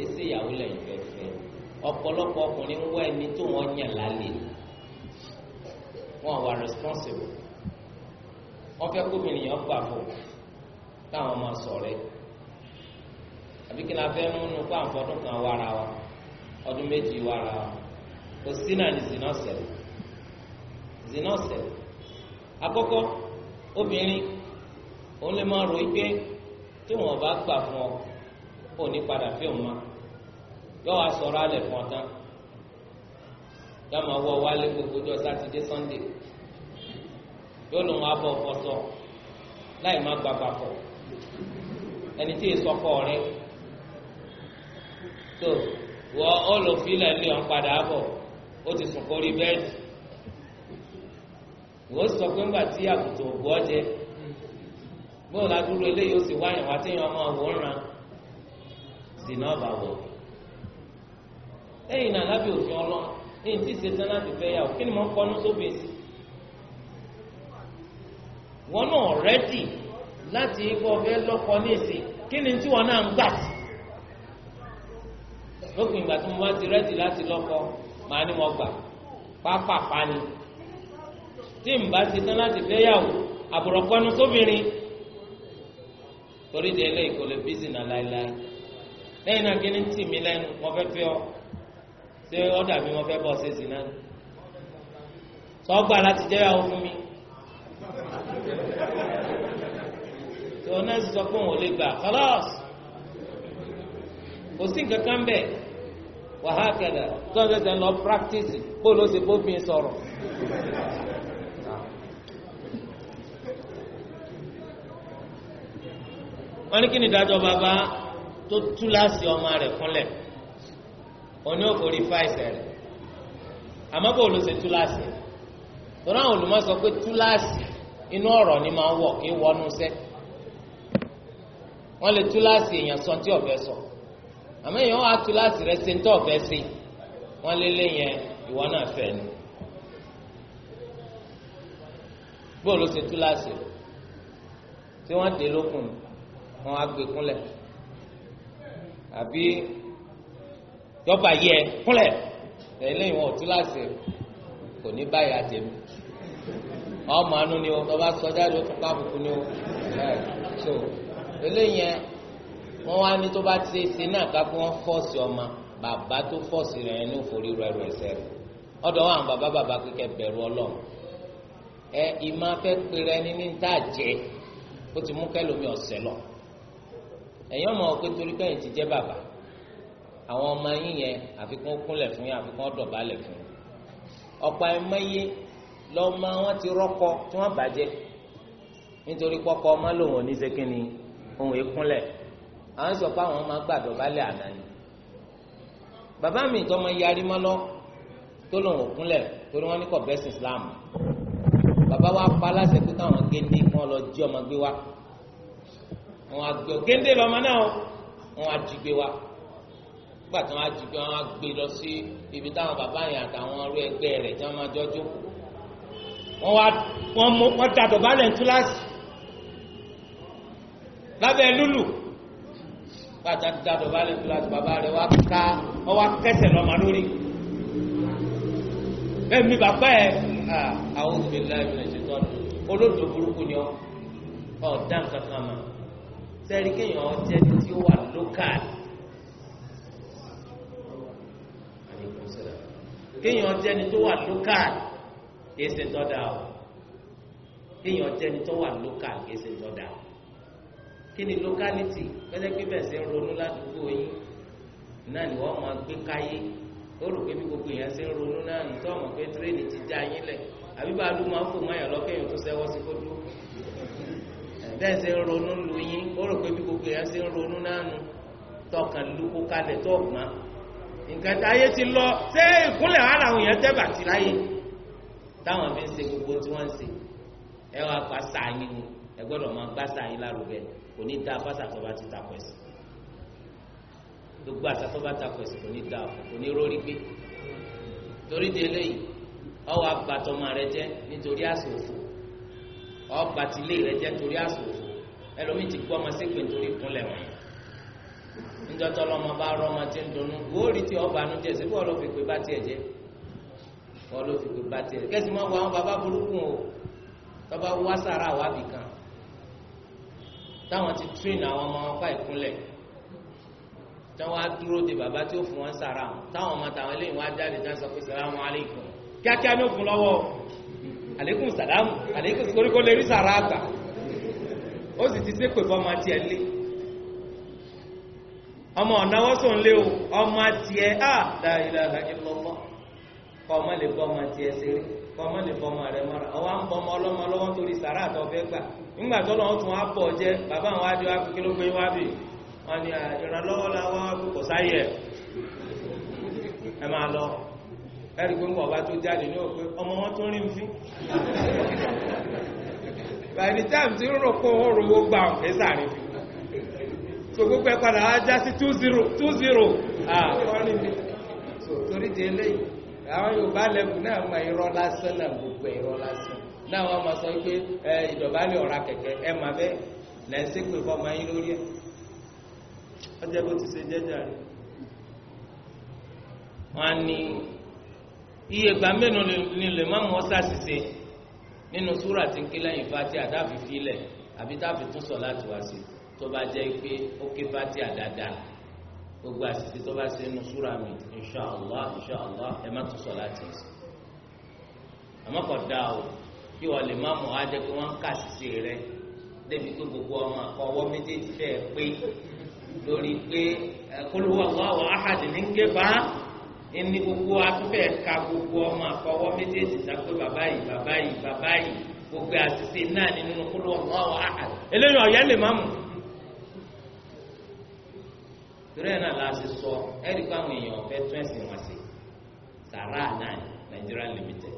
èsì ìyàwó lẹ́yìn fẹ́fẹ́ ọ̀pọ̀lọpọ̀ ọkùnrin ń wọ ẹni tó wọ́n yàn lálẹ́ wọn wà responsible wọ́n fẹ́ kó obìnrin yẹn gbà fún táwọn máa sọ̀rọ̀ àbí kí la fẹ́ múnú kó àǹfọ̀dún kan wára wa ọdún méjì wára wa kò sí náà ní zina ṣẹlẹ̀ zina ṣẹlẹ̀ àkọ́kọ́ obìnrin òun lè máa rò wípé tí wọ́n bá gbà fún ọ kó ní padà fi ma yọ wá sọ̀rọ̀ alẹ̀ fún ọ tán yọ máa wọ wálé gbogbo ọjọ́ sátidé sọ́ndé yóò lòun abọ́ ọ̀pọ̀tọ̀ láì má ẹni tí èso ọkọ rẹ tó wọ ọlọ́fílẹ̀ lé ọ̀n padà bọ̀ ó ti sùn kórí bẹ́ẹ̀dì wọ́n sọ pé ńgbà tí àgùntàn ògbọ́ jẹ bóòlù adúrú eléyìí ó sì náà bá wọ̀ na náà òfin ọlọ́run ní ti ṣetán láti fẹ́ yà ó kí ni mo sóbì sí wọn náà rẹ́dì láti ikọ̀ ọ̀fẹ́ lọkọ ní wọn náà ń gbà sí lópin ìgbà tí mo bá ti rẹ́dì láti lọkọ màá ní mo gbà pápápá ni tí n bá ti tán láti torí de lẹ́yìn náà kíni tì mí lẹ́nu mo fẹ́ fi ọ ṣé ọ dàbí mo fẹ́ bọ́ ṣe sí náà sọ gbà láti jẹ́ ìyàwó fún mi tó náà sọ pé òun ò lè gbà kọlọ́s kò sí nǹkan kan bẹ́ẹ̀ wàhálà kẹlẹ tó ń lọ practice bó ṣe bófin sọrọ. wọ́n ní kí ni ìdájọ́ bàbá. tó tú láti ọmọ rẹ̀ fúnlẹ̀ òní òkòrí fáìsẹ̀ rẹ̀ àmọ́ bò ló ṣe tú láti tọ́lá àwọn olùmọ̀ sọ pé tú inú ọ̀rọ̀ ni máa ń wọ̀ kí wọnú sẹ́ wọ́n lè tú láti èèyàn sọ tí ọ̀fẹ́ sọ àmọ́ èèyàn wà tú láti rẹ̀ ṣe ń tọ́ ọ̀fẹ́ sí wọ́n lé lé ìwọ náà fẹ́ ni bó ló ṣe tú tí wọ́n dé lókun wọn á gbé kúnlẹ̀ àbí yọba yẹ kúlẹ̀ eléyìí wọn ò tún láṣẹ kò ní báyìí àtẹ̀mí ọmọ anú ni o tọba sọjá ló tún pàbùkù ni o so eléyìí yẹn wọn wá ní tó bá ti ṣe náà ká kí wọn fọ́ọ̀sì ọmọ bàbá tó fọ́ọ̀sì rẹ̀ ní òfòrí rẹ̀ rẹ̀ sẹ́rẹ̀ ọ̀dọ̀ wọn àwọn bàbá bàbá kékeré bẹ̀rù ọlọ́run ẹ ìmọ̀ afẹ́ pèrè ẹni ní tá a jẹ ó ti mú kẹlòmí ọ̀sẹ̀ lọ ẹ̀yin ọmọ ọ̀pẹ torí pé ẹ̀yin ti jẹ́ bàbá àwọn ọmọ yín yẹn àfikún kúnlẹ̀ fún yín àfikún ọ̀dọ̀bálẹ̀ fún yín ọ̀pọ̀ ẹ̀mọ́yé lọ́mọ wọn ti rọ́kọ tí wọ́n bàjẹ́ nítorí pọ́kọ ọmọ lòun ò ní sẹ́kìnì ohun èkúnlẹ̀ àwọn sọ pé àwọn ọmọ gbàdọ̀bálẹ̀ àná ni bàbá mi tọmọ yarí mọ́ lọ tó lòun ò kúnlẹ̀ torí wọ́n ní kò bẹ́sì Islam bàbá wa pa aláṣẹ pé káwọn géńdé kí wọ́n lọ jí ọmọ gbé wa wọn àgbẹ̀ géńdé lọ́mọ náà wọn àjìgbé wa nígbà tí wọn àjìgbé wọn àgbé lọ sí ibi táwọn bàbá yẹn àtàwọn ọrú ẹgbẹ́ rẹ̀ tí wọ́n máa jọ jókòó wọn wá wọn mú wọn dàtọ̀ balẹ̀ ń túláàsì lábẹ́ lúlù bàtà dàtọ̀ balẹ̀ ń túláàsì bàbá rẹ̀ wá ká wọn wá kẹsẹ̀ lọ́mọ lórí ẹ̀mí bàbá ẹ̀ àwọn òbí láì fi lè ṣe olóòtú burúkú ni ọ ọ̀ dá nǹkan sẹ́rí kéèyàn jẹ́ ní tí ó wà lókàlì kéèyàn tó wà lókàlì kìí ṣe tọ́da o kéèyàn tó wà lókàlì kìí ṣe kí ni lókàlìtì pẹ́lẹ́ pé ń ronú ládùúgbò yín náà ni wọ́n máa gbé káyé ó rò pé bí gbogbo èèyàn ṣe ń ronú náà nítorí ọmọ pé tírèèdì ti já yín àbí máa ń fò tó sí tẹ́sí ń ronú lu yín ó rò pé bí gbogbo èèyàn ṣe ń ronú nánu tọkàn lóko kalẹ̀ tó gbọ́n nǹkan tí ayé ti lọ ṣé ìkúnlẹ̀ wà láwọn èèyàn tẹ́ bàtì láyé táwọn fi ń ṣe gbogbo tí wọ́n ń ṣe ẹ wá pa sáyìn ni ẹ gbọ́dọ̀ máa gbá sáyìn lárugẹ kò ní da fásitì àtọ́ba ti ta pẹ̀ sí gbogbo àtàtọ́ba ta pẹ̀ sí kò ní da kò ní rórí gbé torí di eléyìí ọwọ́ àgbàtọ́mọ rẹ jẹ́ nítorí àsòfò ọba ti lé rẹ jẹ torí àsòfò ẹlòmíì ti gbọ́ ọmọ ṣépè torí kúnlẹ̀ wọn níjọ́tọ́ lọ́mọ bá rọ ọmọ tí ń dunnú wóòrì tí ọba nu jẹ síbí ọlọ́ fi pé bá tiẹ̀ jẹ ọlọ́ fi pé bá tiẹ̀ jẹ kẹ́sì máa wọ àwọn bàbá burúkú o tọ́ba wá sára àwábì kan táwọn ti tírìn àwọn ọmọ wọn fà ìkúnlẹ̀ táwọn á dúró de bàbá tí ó fún wọn sára táwọn ọmọ táwọn eléyìí wọn á jáde jáde sọ àlékún sàdámù àlékún sí koríko lè rí sàrà àgbà ó sì ti e le ọmọ tiẹ̀ lé ọmọ lé o ọmọ tiẹ̀ á dáadáa ìlọ́mọ kọ́ ọmọ lè bọ́ ọmọ tiẹ̀ ṣeré kọ́ ọmọ lè bọ́ ọmọ rẹ mọ́ra ọwọ́ à ń bọ́ ọmọ ọlọ́mọ lọ́wọ́ torí sàrà àtọ́ fẹ́ gbà nígbà tó lọ́wọ́ tún wá pọ̀ jẹ́ bàbá àwọn adé wa kékeré gbé wá bì wọ́n ní ìrànlọ́wọ́ làwọn akókò ẹ máa lọ ẹ̀rí pé mọ̀ bá tó jáde ní òpin ọmọ wọn tó rí fín by the tí ń rò pé so gbogbo padà wá já sí two zero two zero so torí di eléyìí àwọn Yorùbá lẹ́bù náà mọ irọ́ lásán náà gbogbo irọ́ lásán náà wọ́n máa sọ pé ọ̀ra kẹ̀kẹ́ máa bẹ́ẹ̀ pé fọmọ yín lórí ẹ̀ ọjọ́ bó ti iye ìgbà mélòó ni lè má mọ́ sàṣìṣe nínú súrà tí ń ké lẹ́yìn Fatiha àtàfi filẹ̀ àbí táàfi tún sọ láti wá sí tó bá jẹ́ pé ó ké Fatiha dáadáa gbogbo àṣìṣe tó bá ṣe nínú súrà mi inshallah inshallah ẹ má tún sọ láti ẹ̀sìn àmọ́ kò o kí wọ́n lè má mọ̀ á jẹ́ pé wọ́n ń kà àṣìṣe rẹ débi pé gbogbo ọmọ ọwọ́ méjèèjì fẹ́ẹ́ pé lórí pé kólúwọ́ àwọn àhàdì ní ń ké bá ẹni gbogbo atúfẹ́ ka gbogbo ọmọ àfọwọ́ méjèèjì sápé bàbá yìí bàbá yìí bàbá yìí gbogbo àṣìṣe náà nínú kúló ọmọ àwọn àhà eléyìí ọ̀yẹ́ lè má mú. torí ẹ̀ náà la ṣe sọ ẹ̀rí kó àwọn èèyàn fẹ́ tún ẹ̀sìn wọn sí sàrà náà Nigeria limited.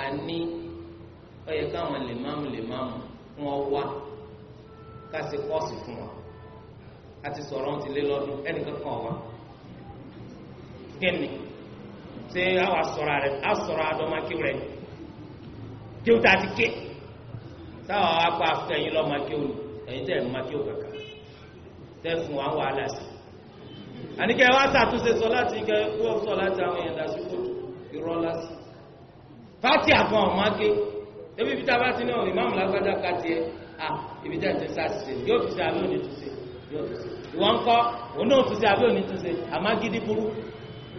a ní ó yẹ káwọn lè má mú lè má mú wọn wá ká ṣe kọ́ọ̀sì fún wa a ti sọ̀rọ̀ wọn ti lé lọ́dún ẹnì kankan wá kẹ́ni ṣé àwọn asọ̀rọ̀ rẹ̀ asọ̀rọ̀ àdọ́mákíw rẹ̀ kí o ta ti ké táwọn akọ afẹ́yìn lọ́mákíw ni ẹ̀yin tẹ̀ mákíw kàkà tẹ̀ fún wa wàhálà sí àníkẹ́ wá sàtúnṣe sọ láti ń kẹ́ kú ọ̀sọ̀ láti àwọn èèyàn dá sí kó irọ́ lásì fati àgbọn ọ̀ma ké ebi ibi tá ti náà ìmáàmù lágbájá ká tiẹ̀ à ibi tá a sá ṣe yóò fi ṣe àbí òní tún yóò fi ṣe ìwọ kọ́ òun náà tún ṣe àbí òní tún àmá gidi burú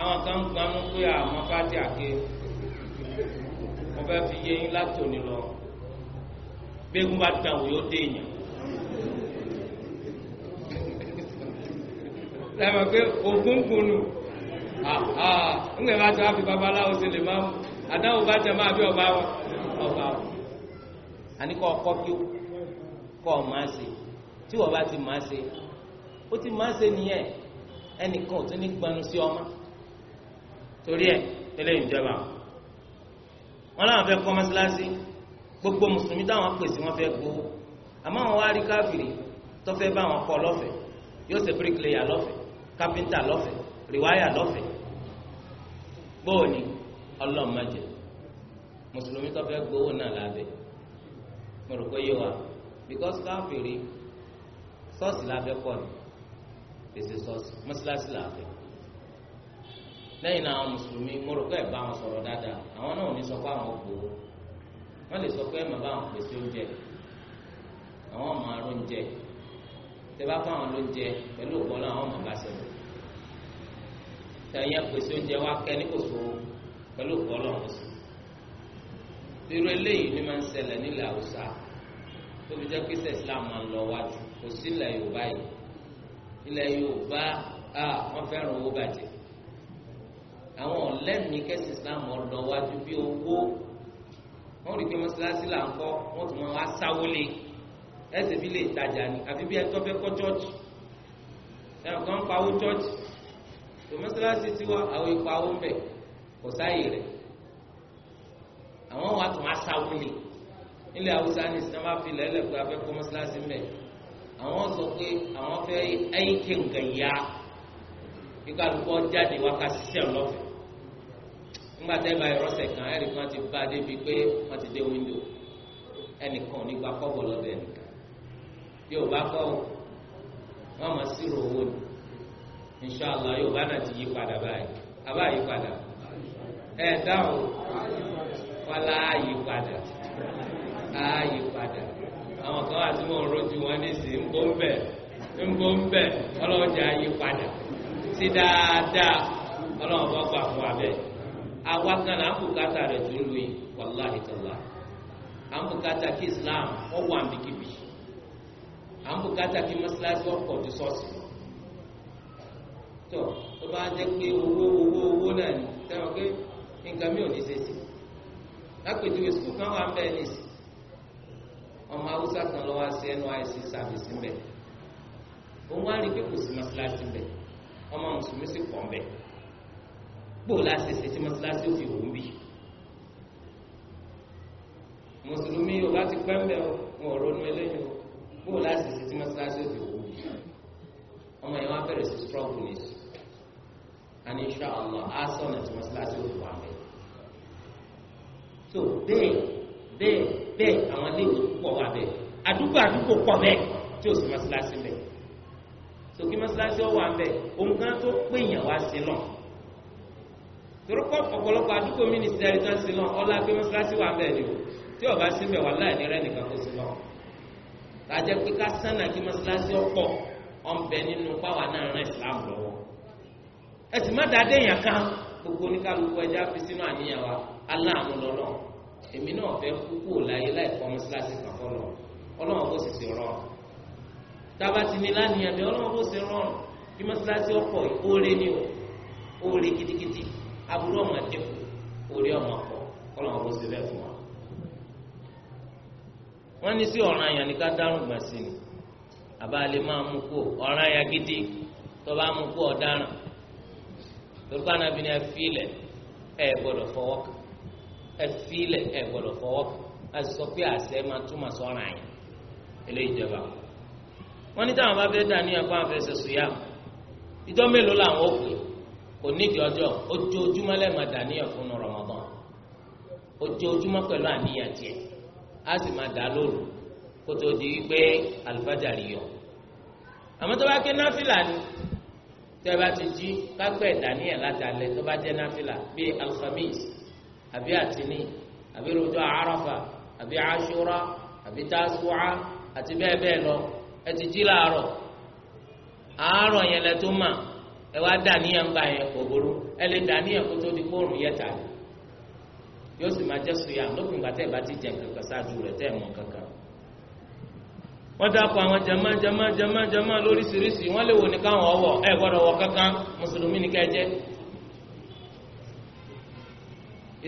àwọn kan ń gbanú pé àwọn fati àké mo fẹ́ fi yé yín látòní lọ gbẹ́gun bá dàn wò yóò dé èèyàn. lẹ́mọ̀ pé ògún kunu ńgbẹ̀ bá ti wá fi babaláwo ṣe lè máa mú àdáwò bá jẹ máa bí ọba wọn ọba wọn. àní kọ́ ọkọ́ kí ó kọ́ ọ máa ṣe tí wọ́n bá ti máa ṣe ó ti máa ṣe nìyẹn ẹnìkan ò tún ní gbanu sí ọmọ torí ẹ eléyìí jẹba wọn làwọn fẹ́ kọ́ mọ́sálásí gbogbo mùsùlùmí táwọn pèsè wọn fẹ́ gbowó àmọ́ àwọn wá rí káfìrí tó fẹ́ bá wọn kọ́ lọ́fẹ̀ẹ́ yóò ṣe bíríkìlẹyà lọ́fẹ̀ẹ́ kápẹńtà lọ́fẹ̀ẹ́ rìwáyà lọ́fẹ̀ẹ́ gbóòní ọlọmọdé mùsùlùmí tó fẹ́ gbowó náà lábẹ́ mo rò pé yé wa because káfìrí ṣọ́ọ̀ṣì lábẹ́ kọ́ ni pèsè ṣọ́ọ̀ṣì mọ́sálásí lábẹ́ lẹ́yìn náà àwọn mùsùlùmí mo rò pé ẹ̀ bá wọn sọ̀rọ̀ dáadáa àwọn náà ò ní sọ pé àwọn ò gbòòrò wọ́n lè sọ pé ẹ̀ máa bá wọn pèsè oúnjẹ àwọn ọmọ àrùn oúnjẹ tẹ bá fáwọn lóúnjẹ pẹ̀lú ògbọ́n náà àwọn ọmọ bá ṣẹlẹ̀ tẹ̀yìn pèsè oúnjẹ wa kẹ́ ní kò sówó pẹ̀lú ògbọ́n náà kò sí. irú eléyìí ni máa ń ṣẹlẹ̀ nílẹ̀ haúsá tó jẹ́ pé islam máa ń àwọn ọ̀lẹ́mìí kẹ́sì islam ọ̀dọ̀ wájú bí owó wọ́n rí i pé mọ́sálásí là ń kọ́ wọ́n tún máa sáwó lé ẹsẹ̀ bí lè tajà ni àfi bí ẹtọ́ fẹ́ kọ́ chọ́ọ̀chì ẹ̀rọ kan ń pawó chọ́ọ̀chì tó mọ́sálásí ti wá àwọn ipò awó ń bẹ̀ kò sáyè rẹ̀ àwọn wa tún máa sáwó lé nílẹ̀ haúsá ní sinimá fi lẹ́lẹ̀ pé afẹ́ kọ́ mọ́sálásí ń bẹ̀ àwọn sọ pé àwọn fẹ́ ẹ̀yìn kéǹkà yá kíkọ́ àdúgbò jáde wákàtí sẹ́ọ̀ lọ́fẹ̀ẹ́ nígbà tẹ́ bá ìrọ́sẹ̀ kan ẹ̀rí kan ti bá débi pé wọ́n ti dé wíńdò ẹnìkan nígbà kọ́bọ̀ lọ́dọ̀ ẹnìkan bí ò bá kọ́ wọ́n mọ̀ sírò owó ni inṣàlá yóò bá náà ti yí padà báyìí àbá yí padà ẹ dáhùn wàlá yí padà á yí padà àwọn kan wà tí mo ń rojú wọn nísìnyí ń bó ń bẹ̀ ń bó ń bẹ̀ yí padà sí dáadáa ọlọ́run bọ́ gbà fún abẹ́ àwa kan là ń bùkátà rẹ̀ tó lu yìí wàláhi tàlá islam ọ wà níbikíbi à ń bùkátà kí mọ́sálásí ọkọ̀ tó sọ́ọ̀sì tó tó bá jẹ́ pé owó owó owó náà ni sẹ́wọ̀n pé nǹkan mi ò ní ṣe sí lápèjúwe sùkúl kan wà ń bẹ́ẹ̀ nìsí ọmọ haúsá kan lọ wá sí NYSC service ń bẹ̀ òun wá rí pé kò sí ń ọmọ sì pọ̀ ń bó láti ṣe tí mọ́sálásí òfin òun bì mùsùlùmí ò bá ti pẹ́ mbẹ́ wọn ò ronú eléyìí o bó láti ṣe tí mọ́sálásí òfin òun bì ọmọ yẹn wá bẹ̀rẹ̀ sí struggle ní sùn and inshallah á sọ̀nà tí mọ́sálásí òfin wà bẹ́ẹ̀ so bẹ́ẹ̀ bẹ́ẹ̀ bẹ́ẹ̀ àwọn iléèwé pọ̀ wà bẹ́ẹ̀ àdúgbò àdúgbò pọ̀ bẹ́ẹ̀ tí ò sí mọ́sálásí bẹ́ẹ̀ so kí mọ́sálásí ọ̀ wà bẹ́ẹ̀ òun kan tó pè yàn wá sí náà torúkọ ọ̀pọ̀lọpọ̀ àdúgbò mi ní sẹ́rí tán sí lọ ọlá gbé mọ́sálásí wà bẹ́ẹ̀ ni o tí ọba síbẹ̀ wà láàrin rẹ nìkan kó sí lọ. tàjẹ́ pé ká sánà kí mọ́sálásí ọ̀pọ̀ ọ̀nbẹ nínú páwa náà rán Islam lọ́wọ́. ẹ sì má dáadé yàn kan gbogbo oníkálukú ẹja fi sínú àníyàn wa aláàánú lọ́lọ́ èmi náà fẹ́ kúkú láyé láì kọ́ mọ́sálásí kan fọ́lọ́ ọlọ́run kò sì sí rọrùn tába ti ní lánìyàn bẹ́ẹ̀ ọlọ́run kò sì rọrùn bí mọ́sálásí ọ̀pọ̀ aburú ọmọ dínkù orí ọmọ pọ̀ kọ́lọ́mọ bó ṣe fún wa. wọ́n ní sí ọ̀ràn àyàn ní ká dárùn gbà sí ni gidi tó bá mú kó ọ̀daràn torúkọ anábì ni ẹ fílẹ̀ ẹ gbọ́dọ̀ fọwọ́ kàn ẹ fílẹ̀ ẹ gbọ́dọ̀ fọwọ́ kàn láti sọ pé àṣẹ máa túmọ̀ sọ́ràn àyàn eléyìí jẹba wọ́n ní táwọn bá fẹ́ dà ní ìjọ mélòó onídìí ọjọ́ ojoojúmọ́ lẹ́ẹ̀ma dàníyàn fún Ramadan ojoojúmọ́ pẹ̀lú àníyàn tiẹ̀ á sì máa dà lóru kó tó di wípé àlùfájàrí yọ àmọ́ tó bá ké náfìlà ni tẹ́ bá ti jí kápẹ́ dàníyàn látàlẹ́ tó bá jẹ́ náfìlà bíi alhamis àbí àtìní àbí rọjò àràfà àbí àṣúrà àbí tásùwà àti bẹ́ẹ̀ bẹ́ẹ̀ lọ ẹ ti jí láàárọ̀ àárọ̀ yẹn lẹ tó máa. ẹ wá dà ní gba yẹn kò burú ẹ lè dà níyàn kó tó di kóòrùn yẹ tà yóò sì máa jẹ́ suya lópin ìgbà ẹ bá wọ́n dákọ̀ àwọn jama jama jama jama lóríṣiríṣi wọ́n lè wò ní káwọn ọwọ́ ẹ gbọ́dọ̀ wọ kankan mùsùlùmí ni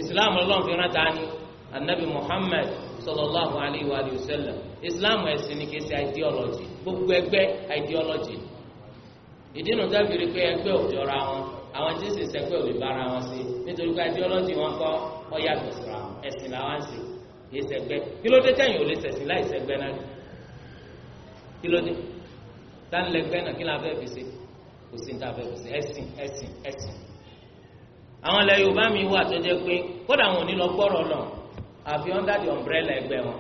islam fi anabi muhammad sallallahu alayhi wa sallam islam ẹ̀sìn ni kì ṣe ideology gbogbo ẹgbẹ́ ideology ìdínú tábìrì pé ẹgbẹ́ òjọra wọn àwọn tí ń sì sẹ́gbẹ́ òwe bára wọn sí nítorí pé ideology wọn kọ́ ọ̀yà gbèsèrà ẹ̀sìn làwọn sì kì í sẹ́gbẹ́ kí ló dé tẹ̀yìn ò lè sẹ̀sìn láì sẹ́gbẹ́ náà kí ló dé tánilẹ́gbẹ́ náà kí ni a fẹ́ fi ṣe kò sí ní ta fẹ́ fi ṣe ẹ̀sìn ẹ̀sìn ẹ̀sìn àwọn ilẹ̀ Yorùbá mi wà tó jẹ́ pé kódà wọn ò ní lọ gbọ́rọ̀ lọ àfi under the umbrella ẹgbẹ́ wọn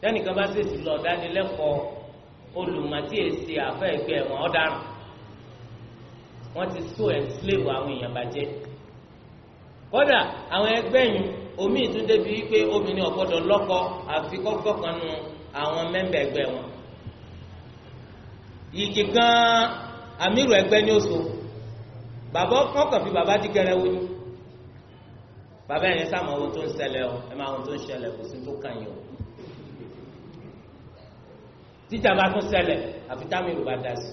tẹ́nìkan bá ṣèṣì olùmọ̀tí èsì àfẹ́ ẹgbẹ́ wọn ọ̀daràn wọ́n ti so ẹ̀sìlẹ̀wò àwọn èèyàn bàjẹ́ kódà àwọn ẹgbẹ́ yìí omi ìtún débi wípé obìnrin ọ̀gbọ́dọ̀ lọ́kọ àfi kọ́kọ́ kan nu àwọn mẹ́mbà ẹgbẹ́ wọn yìí gan amírù ẹgbẹ́ ní oṣù bàbá kọ́kàn fi bàbá dìgẹrẹ wo ni bàbá yẹn sàmọ̀ ohun tó ń ṣẹlẹ̀ ọ máa ohun tó ń ṣẹlẹ̀ kò sí tó kàn yín o tíjà bá tún ṣẹlẹ̀ àfi támìrù bá dá sí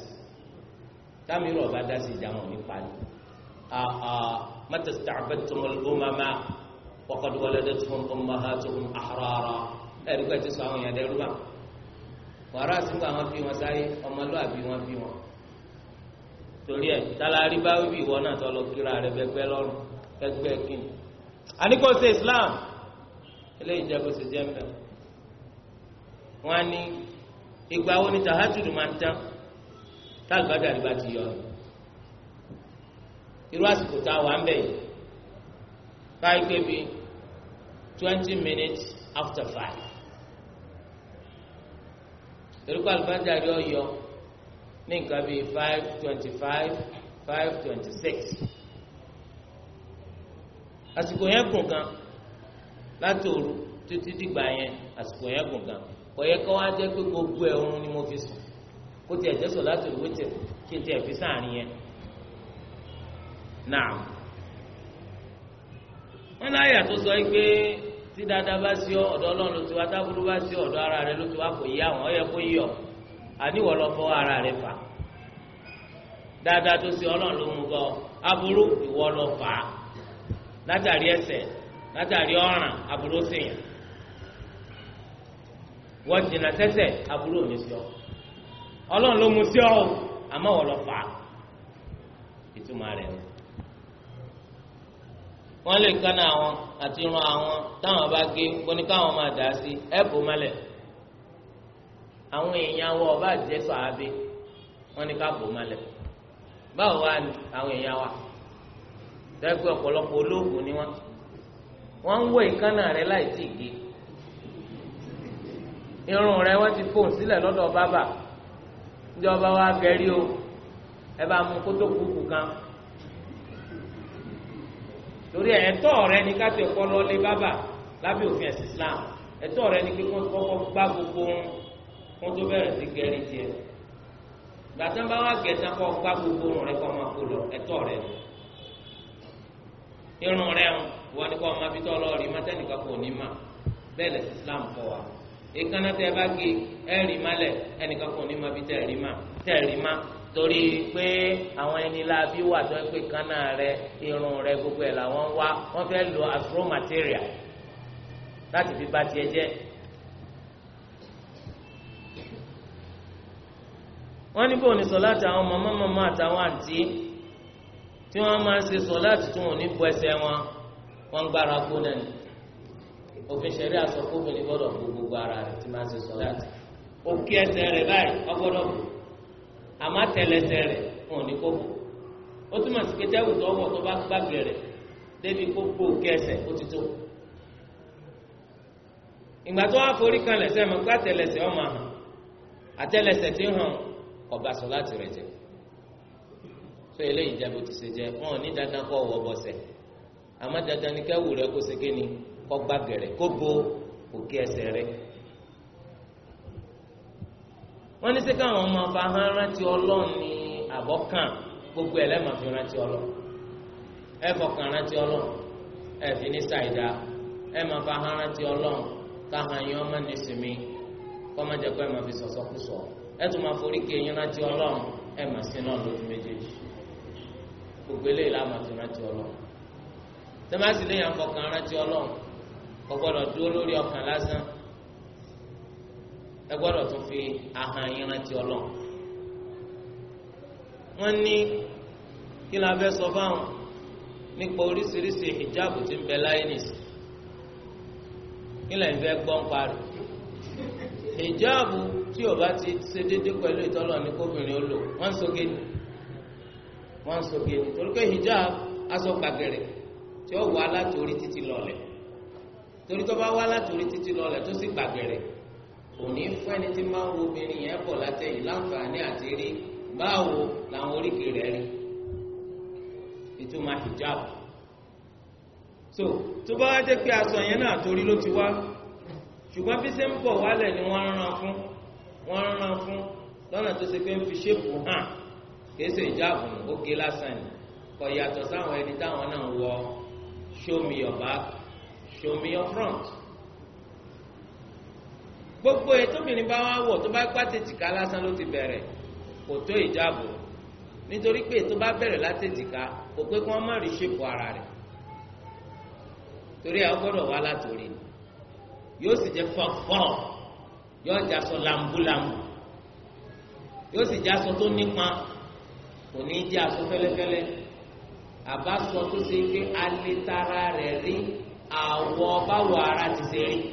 támìrù ọba dá sí ìjà wọn nípa ni matasta'badtumul umama waqad waladatuhum ummahatuhum ahrara ẹ̀rí pẹ́ ti sọ àwọn èèyàn dẹ́rú bá wàrà sígbà wọn fi wọn sáyé ọmọlúwàbí wọn fi wọn torí ẹ tálàrí bá wíwí ìwọ náà tọ́ lọ kíra rẹ bẹgbẹ lọ́rùn bẹgbẹ kíni àníkó ṣe Islam eléyìí jẹ́ kó ṣe jẹ́ mbẹ́ wọn á ìgbà wo ni tahajud máa ń tán tálùbádà rí bá ti yọ irú àsìkò tá a wà ń bẹ̀ yìí báyìí pé twenty minutes after five erékò àlùbádà rí ọyọ ní nǹkan bíi five twenty five five twenty six àsìkò yẹn gùn gan láti òru títí dìgbà yẹn àsìkò yẹn gùn gan. kò yẹ kó wá jẹ́ pé gbogbo ẹ̀ oorun ni mo fi sùn kó tiẹ̀ jẹ́ sọ̀láàtì wítìrì kí n tiẹ̀ fi sáàrin yẹn náà wọn láyà tó sọ pé tí dáadáa bá sí ọ ọ̀dọ̀ Ọlọ́run ló ti wá bá ara rẹ ló ti wá kò yí àwọn ọ kó yí ọ lọ ara rẹ fà dáadáa tó sí Ọlọ́run ló mú bọ aburú ìwọ lọ fà látàrí látàrí wọ́n jìnnà sẹ́sẹ̀ aburú ò ní sí ọ ọlọ́run ló mú sí ọ àmọ́ wọ́n lọ fà á ìtumọ̀ rẹ̀ ni wọ́n lè kánà àwọn àti irun àwọn táwọn bá gé kóní káwọn máa dà sí ẹ̀bù mọ́lẹ̀ àwọn èèyàn wọ ọba jẹ́ sọ̀hábí wọ́n ní ká bò mọ́lẹ̀ báwo wá àwọn èèyàn wa dẹ́gbẹ́ ọ̀pọ̀lọpọ̀ olóògùn ni wọ́n wọ́n ń wọ ìkánà rẹ̀ láì tì gé irun rẹ wọ́n ti fòun sílẹ̀ ọba wa gẹ̀rí o ẹ bá mú kótó kúkú kan torí ẹ̀tọ́ rẹ ní ká tẹ lé lọ́lé bábà òfin ẹ̀sìn Islam ẹ̀tọ́ rẹ ní kí gbogbo ohun tó sí gbàtà bá gbogbo ohun rẹ máa kó lọ rẹ irun rẹ wọn ni máa fi tọ́ mọ́tẹ́nìkan kò ní mà èékánná tẹ bá gé ẹ̀rì malẹ̀ ẹnìkan kò ní ma bí tẹ̀rì ma tẹ̀rì ma torí pé àwọn ẹni láabi wà tó ẹ pé kánná rẹ irun rẹ gbogbo ẹ̀ làwọn wá wọ́n fẹ́ lo afro material láti fi bà tiẹ̀ jẹ́ wọ́n ní bóun ní sọ̀láàtì àwọn màmá màmá àtàwọn àǹtí tí wọ́n máa ń ṣe sọ̀láàtì tí wọ́n ò ní bu ẹsẹ̀ wọn wọ́n gbára gbóná ni òfin ṣẹ̀rí àsọ fóbìnrin gbọ́dọ̀ bu gbogbo ara rẹ̀ tí máa ń ṣe sọ láti. òkè ẹsẹ̀ rẹ̀ báyìí ó gbọ́dọ̀ bù àmọ́ àtẹlẹsẹ̀ rẹ̀ wọn ò ní kó bù. ó túmọ̀ sí pé tẹ́wù tó wọ̀ tó bá gbàgbé rẹ̀ débi kó gbó òkè ẹsẹ̀ ó ti tó. ìgbà tó wá forí kan lẹ̀sẹ̀ mọ́ pé àtẹlẹsẹ̀ ọmọ hàn àtẹlẹsẹ̀ ti hàn kò sọ láti rẹ̀ jẹ́ so eléyìí jẹ́ bó ti ṣe jẹ́ wọn ò ní dandan kọ́ wọ́ bọ́sẹ̀ àmọ́ dandan ni kẹ́wù rẹ̀ kó ṣe kéni kó gbá kó bo òkè ẹsẹ̀ rẹ̀ wọ́n ní sẹ́ káwọn ọmọ ọba hàn rántí ọlọ́run ní àbọ̀kàn gbogbo ẹ̀ fi rántí ẹ fọkàn rántí ẹ fi ní ṣàìdá ẹ máa fa hàn rántí ọlọ́run káhàn yín ọmọ nísìmí kọ́mọ́jẹ́ ẹ máa fi ẹ tún máa forí rántí ẹ máa sin náà lójú méjèèjì gbogbo kò gbọ́dọ̀ dúró lórí ọkàn lásán ẹ gbọ́dọ̀ tún fi ahọ́n yín rántí Ọlọ́run wọ́n ní kí la fẹ́ sọ fáwọn nípa oríṣiríṣi hijab tí ń bẹ láyé nìsí kí lẹ́yìn fẹ́ gbọ́n parí hijab tí o bá ti ṣe déédéé pẹ̀lú ìtọ́lọ̀ ní kóbìnrin ó lò wọ́n ń soge ni wọ́n ń soge ni torí pé hijab aṣọ gbàgẹ̀rẹ̀ tí ó wà láti orí títí lọ́lẹ̀ torí tó bá wá látòrí títí lọlẹ̀ tó sì gbàgbẹ̀rẹ̀ òní fẹ́ni tí máa wo obìnrin yẹn bọ̀ látẹ̀yìn láǹfààní àti rí báwo làwọn oríkèé rẹ̀ rí ìtumọ̀ hijab so tó bá wá jẹ́ pé aṣọ yẹn náà torí ló ti wá ṣùgbọ́n bí ṣe ń bọ̀ wálẹ̀ ni wọ́n rán fún wọ́n rán fún lọ́nà tó ṣe pé ń fi ṣépù hàn kìí ṣe ìjáàbù ó gé lásán ni kọ̀ yàtọ̀ sáwọn ẹni táwọn náà wọ show me your back show me your front. gbogbo ètò obìnrin bá wá wọ̀ tó bá gbá tètìká lásán ló ti bẹ̀rẹ̀ kò tó ìjáàbò nítorí pé tó bá bẹ̀rẹ̀ látètìká kò pé kí wọ́n má rí ṣèpò ara rẹ̀ torí àwọn gbọ́dọ̀ wá látòrí yóò sì jẹ́ fọ́fọ́ yóò já sọ làǹbùlàǹbù yóò sì já sọ tó nípa kò ní í jẹ́ aṣọ fẹ́lẹ́fẹ́lẹ́ àbá sọ tó ṣe pé alẹ́ tara rẹ̀ rí. àwọ̀ báwo ara ti ṣe rí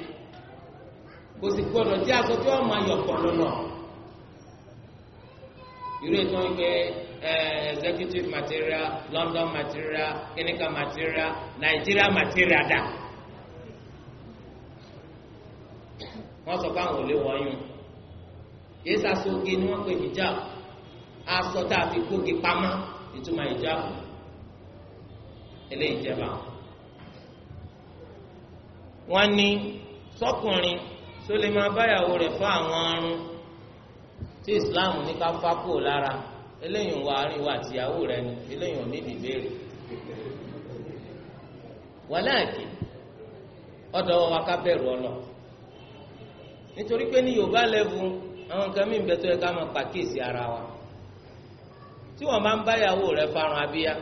kò sì gbọdọ̀ jẹ́ aṣọ tí wọ́n máa yọ̀pọ̀ lọ́nà irú ètò ìgbẹ́ executive material London material clinical material Nigeria material da wọ́n sọ pé àwọn ò lè wọ́nyún yìí ni wọ́n pè hijab aṣọ tá a fi gbógi pamọ́ ìtumọ̀ hijab eléyìí jẹ́ Wọn ní sọkùnrin tó lè máa báyàwó rẹ fún àwọn tí islam ní ká fákò lára eléyìí ń ni eléyìí ò ní ìbéèrè wàláàkì ọ̀dọ̀ wa ká bẹ̀rù ọlọ nítorí pé ní yorùbá lẹ́bù àwọn nǹkan mí ara wa tí bá ń báyàwó farun abíyá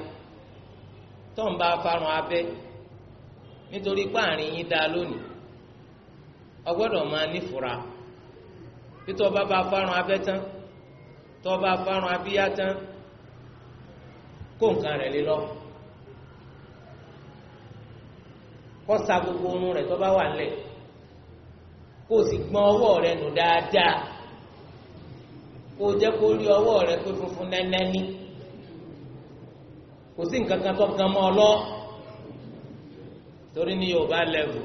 tó ń nítorí páàrin yín dá lónìí ọgbọ́dọ̀ máa nífura títọ́ ọba bá fárun abẹ́ tán ọba fárun abíyá tán kó nǹkan rẹ̀ lé lọ kó sa gbogbo ohun rẹ̀ tó bá wà nílẹ̀ kó o sì gbọ́n ọwọ́ rẹ̀ nù dáadáa kó o jẹ́ kó rí ọwọ́ rẹ̀ pé funfun nánání kò sí nǹkan kan tó gan torí ní yorùbá lẹ́vù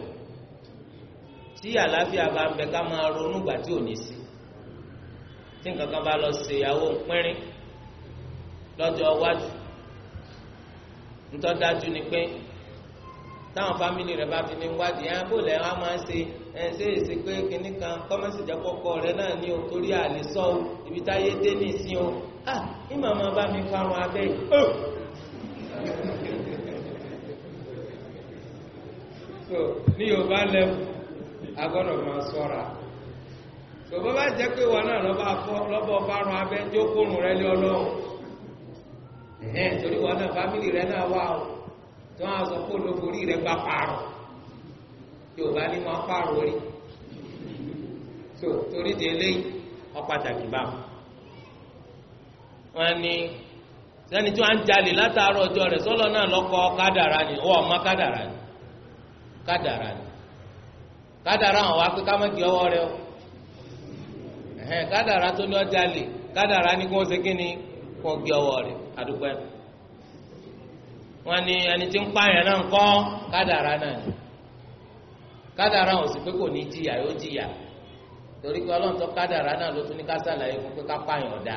tí àlàáfíà bá ń bẹ ká máa ronú gbà tí ò ní sí tí nǹkan kan bá lọ ṣe ìyàwó pínrín lọ́jọ́ iwájú ntọ́dájú ni pé táwọn fámìlì rẹ̀ bá fi ní wádìí ẹ̀ bó lẹ́ wọ́n máa ń ṣe ẹ̀ ṣe é ṣe pé kinní kan kọ́mẹ́sì jẹ́ kọ́kọ́ rẹ̀ náà ní o torí àlè sọ́ọ́ ibi táyé dé ní ìsín o ah ìmọ̀ ọmọ bá mi parun abẹ́ yìí. Oh, so ní yorùbá lẹ́wù agbọ́dọ̀ máa sọ́ra so bó bá jẹ́ pé ìwọ náà lọ́bọ̀ afọ́ lọ́bọ̀ ọ̀bárun abẹ́ tí rẹ lé ọlọ́run ẹ̀hẹ́n torí náà fámìlì rẹ náà wà ó tí wọ́n á sọ rẹ gbà pààrọ̀ yorùbá ní máa pààrọ̀ rí so torí di eléyìí wọn ni. kádàrà ni kádàrà hàn wá pé ká má di ọwọ́ rẹ o kádàrà tó ní ọjà lè kádàrà ni kó o ṣe kí kó o gbé ọwọ́ rẹ àdúgbò wọn ni ẹni tí ń pààyàn náà ń kádàrà náà ni kádàrà sì pé torí pé ọlọ́run tó náà ló tún ní ká sàlàyé fún pé ká pààyàn ọ̀dà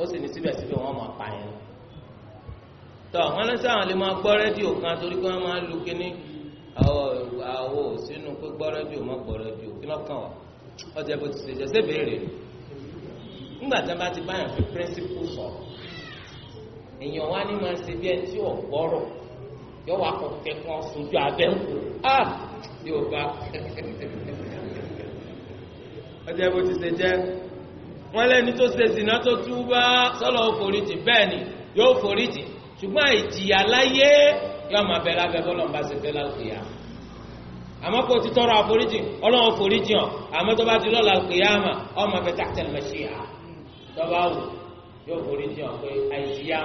ó sì ní síbẹ̀síbẹ̀ máa pààyàn tọ́ wọn àwọn lè máa gbọ́ torí pé wọ́n máa lu àwọ̀ sínú pé gbọ́rọ̀ bí o mọ́ gbọ́rọ̀ bí o kí lọ́kàn wà ọjà bó ti ṣe jẹ́ sí ìbéèrè nígbà tí a bá ti báyàn fi píríncípù sọ èèyàn wá ní máa ṣe bí ẹni tí ò gbọ́rọ̀ yóò wá kọ kẹ́kọ̀ọ́ sojú abẹ́ ń kú á yóò bá ọjà bó ti ṣe jẹ́ wọ́n lẹ́ni tó ṣe sìnà tó tú sọ́lọ́ foríjì bẹ́ẹ̀ ni yóò foríjì ṣùgbọ́n ìjìyà láyé yóò máa bẹ lábẹ́ bọ́lọ̀ ń bá ṣe fẹ́ lálùkìyà àmọ́ kò ti tọrọ àforíjì ọlọ́run foríjì hàn àmọ́ tó bá ti lọ́la àlùkìyà mà ọmọ bẹ tàkítẹ́ mẹ́ṣíà tó bá wù yóò foríjì hàn pé àìsíyá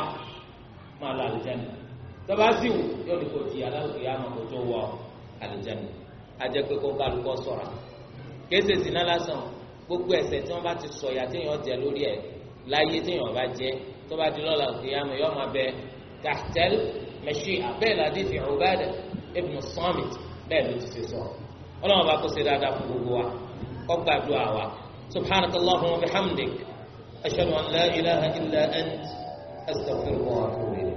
máa lọ àlùjánnà tó bá sì wù yóò ní kò ti àlùkìyà mà kò tó wọ àlùjánnà ajẹ́ pé kó kálukọ́ sọ̀ra kéésì ìsìná lásán gbogbo ẹ̀ṣẹ̀ tí wọ́n bá ti sọ ìyà téèyàn jẹ lórí ẹ̀ láyé téèyàn bá jẹ tó bá di lọ́la àlùkìyà mà yóò máa bẹ tàkítẹ́ مشيئة بين هذه في عبادة ابن الصامت بين الاستثار ولا ما بقى سيدا دا فوقوا قبع دعوة سبحانك اللهم وبحمدك أشهد أن لا إله إلا أنت أستغفرك وأتوب إليك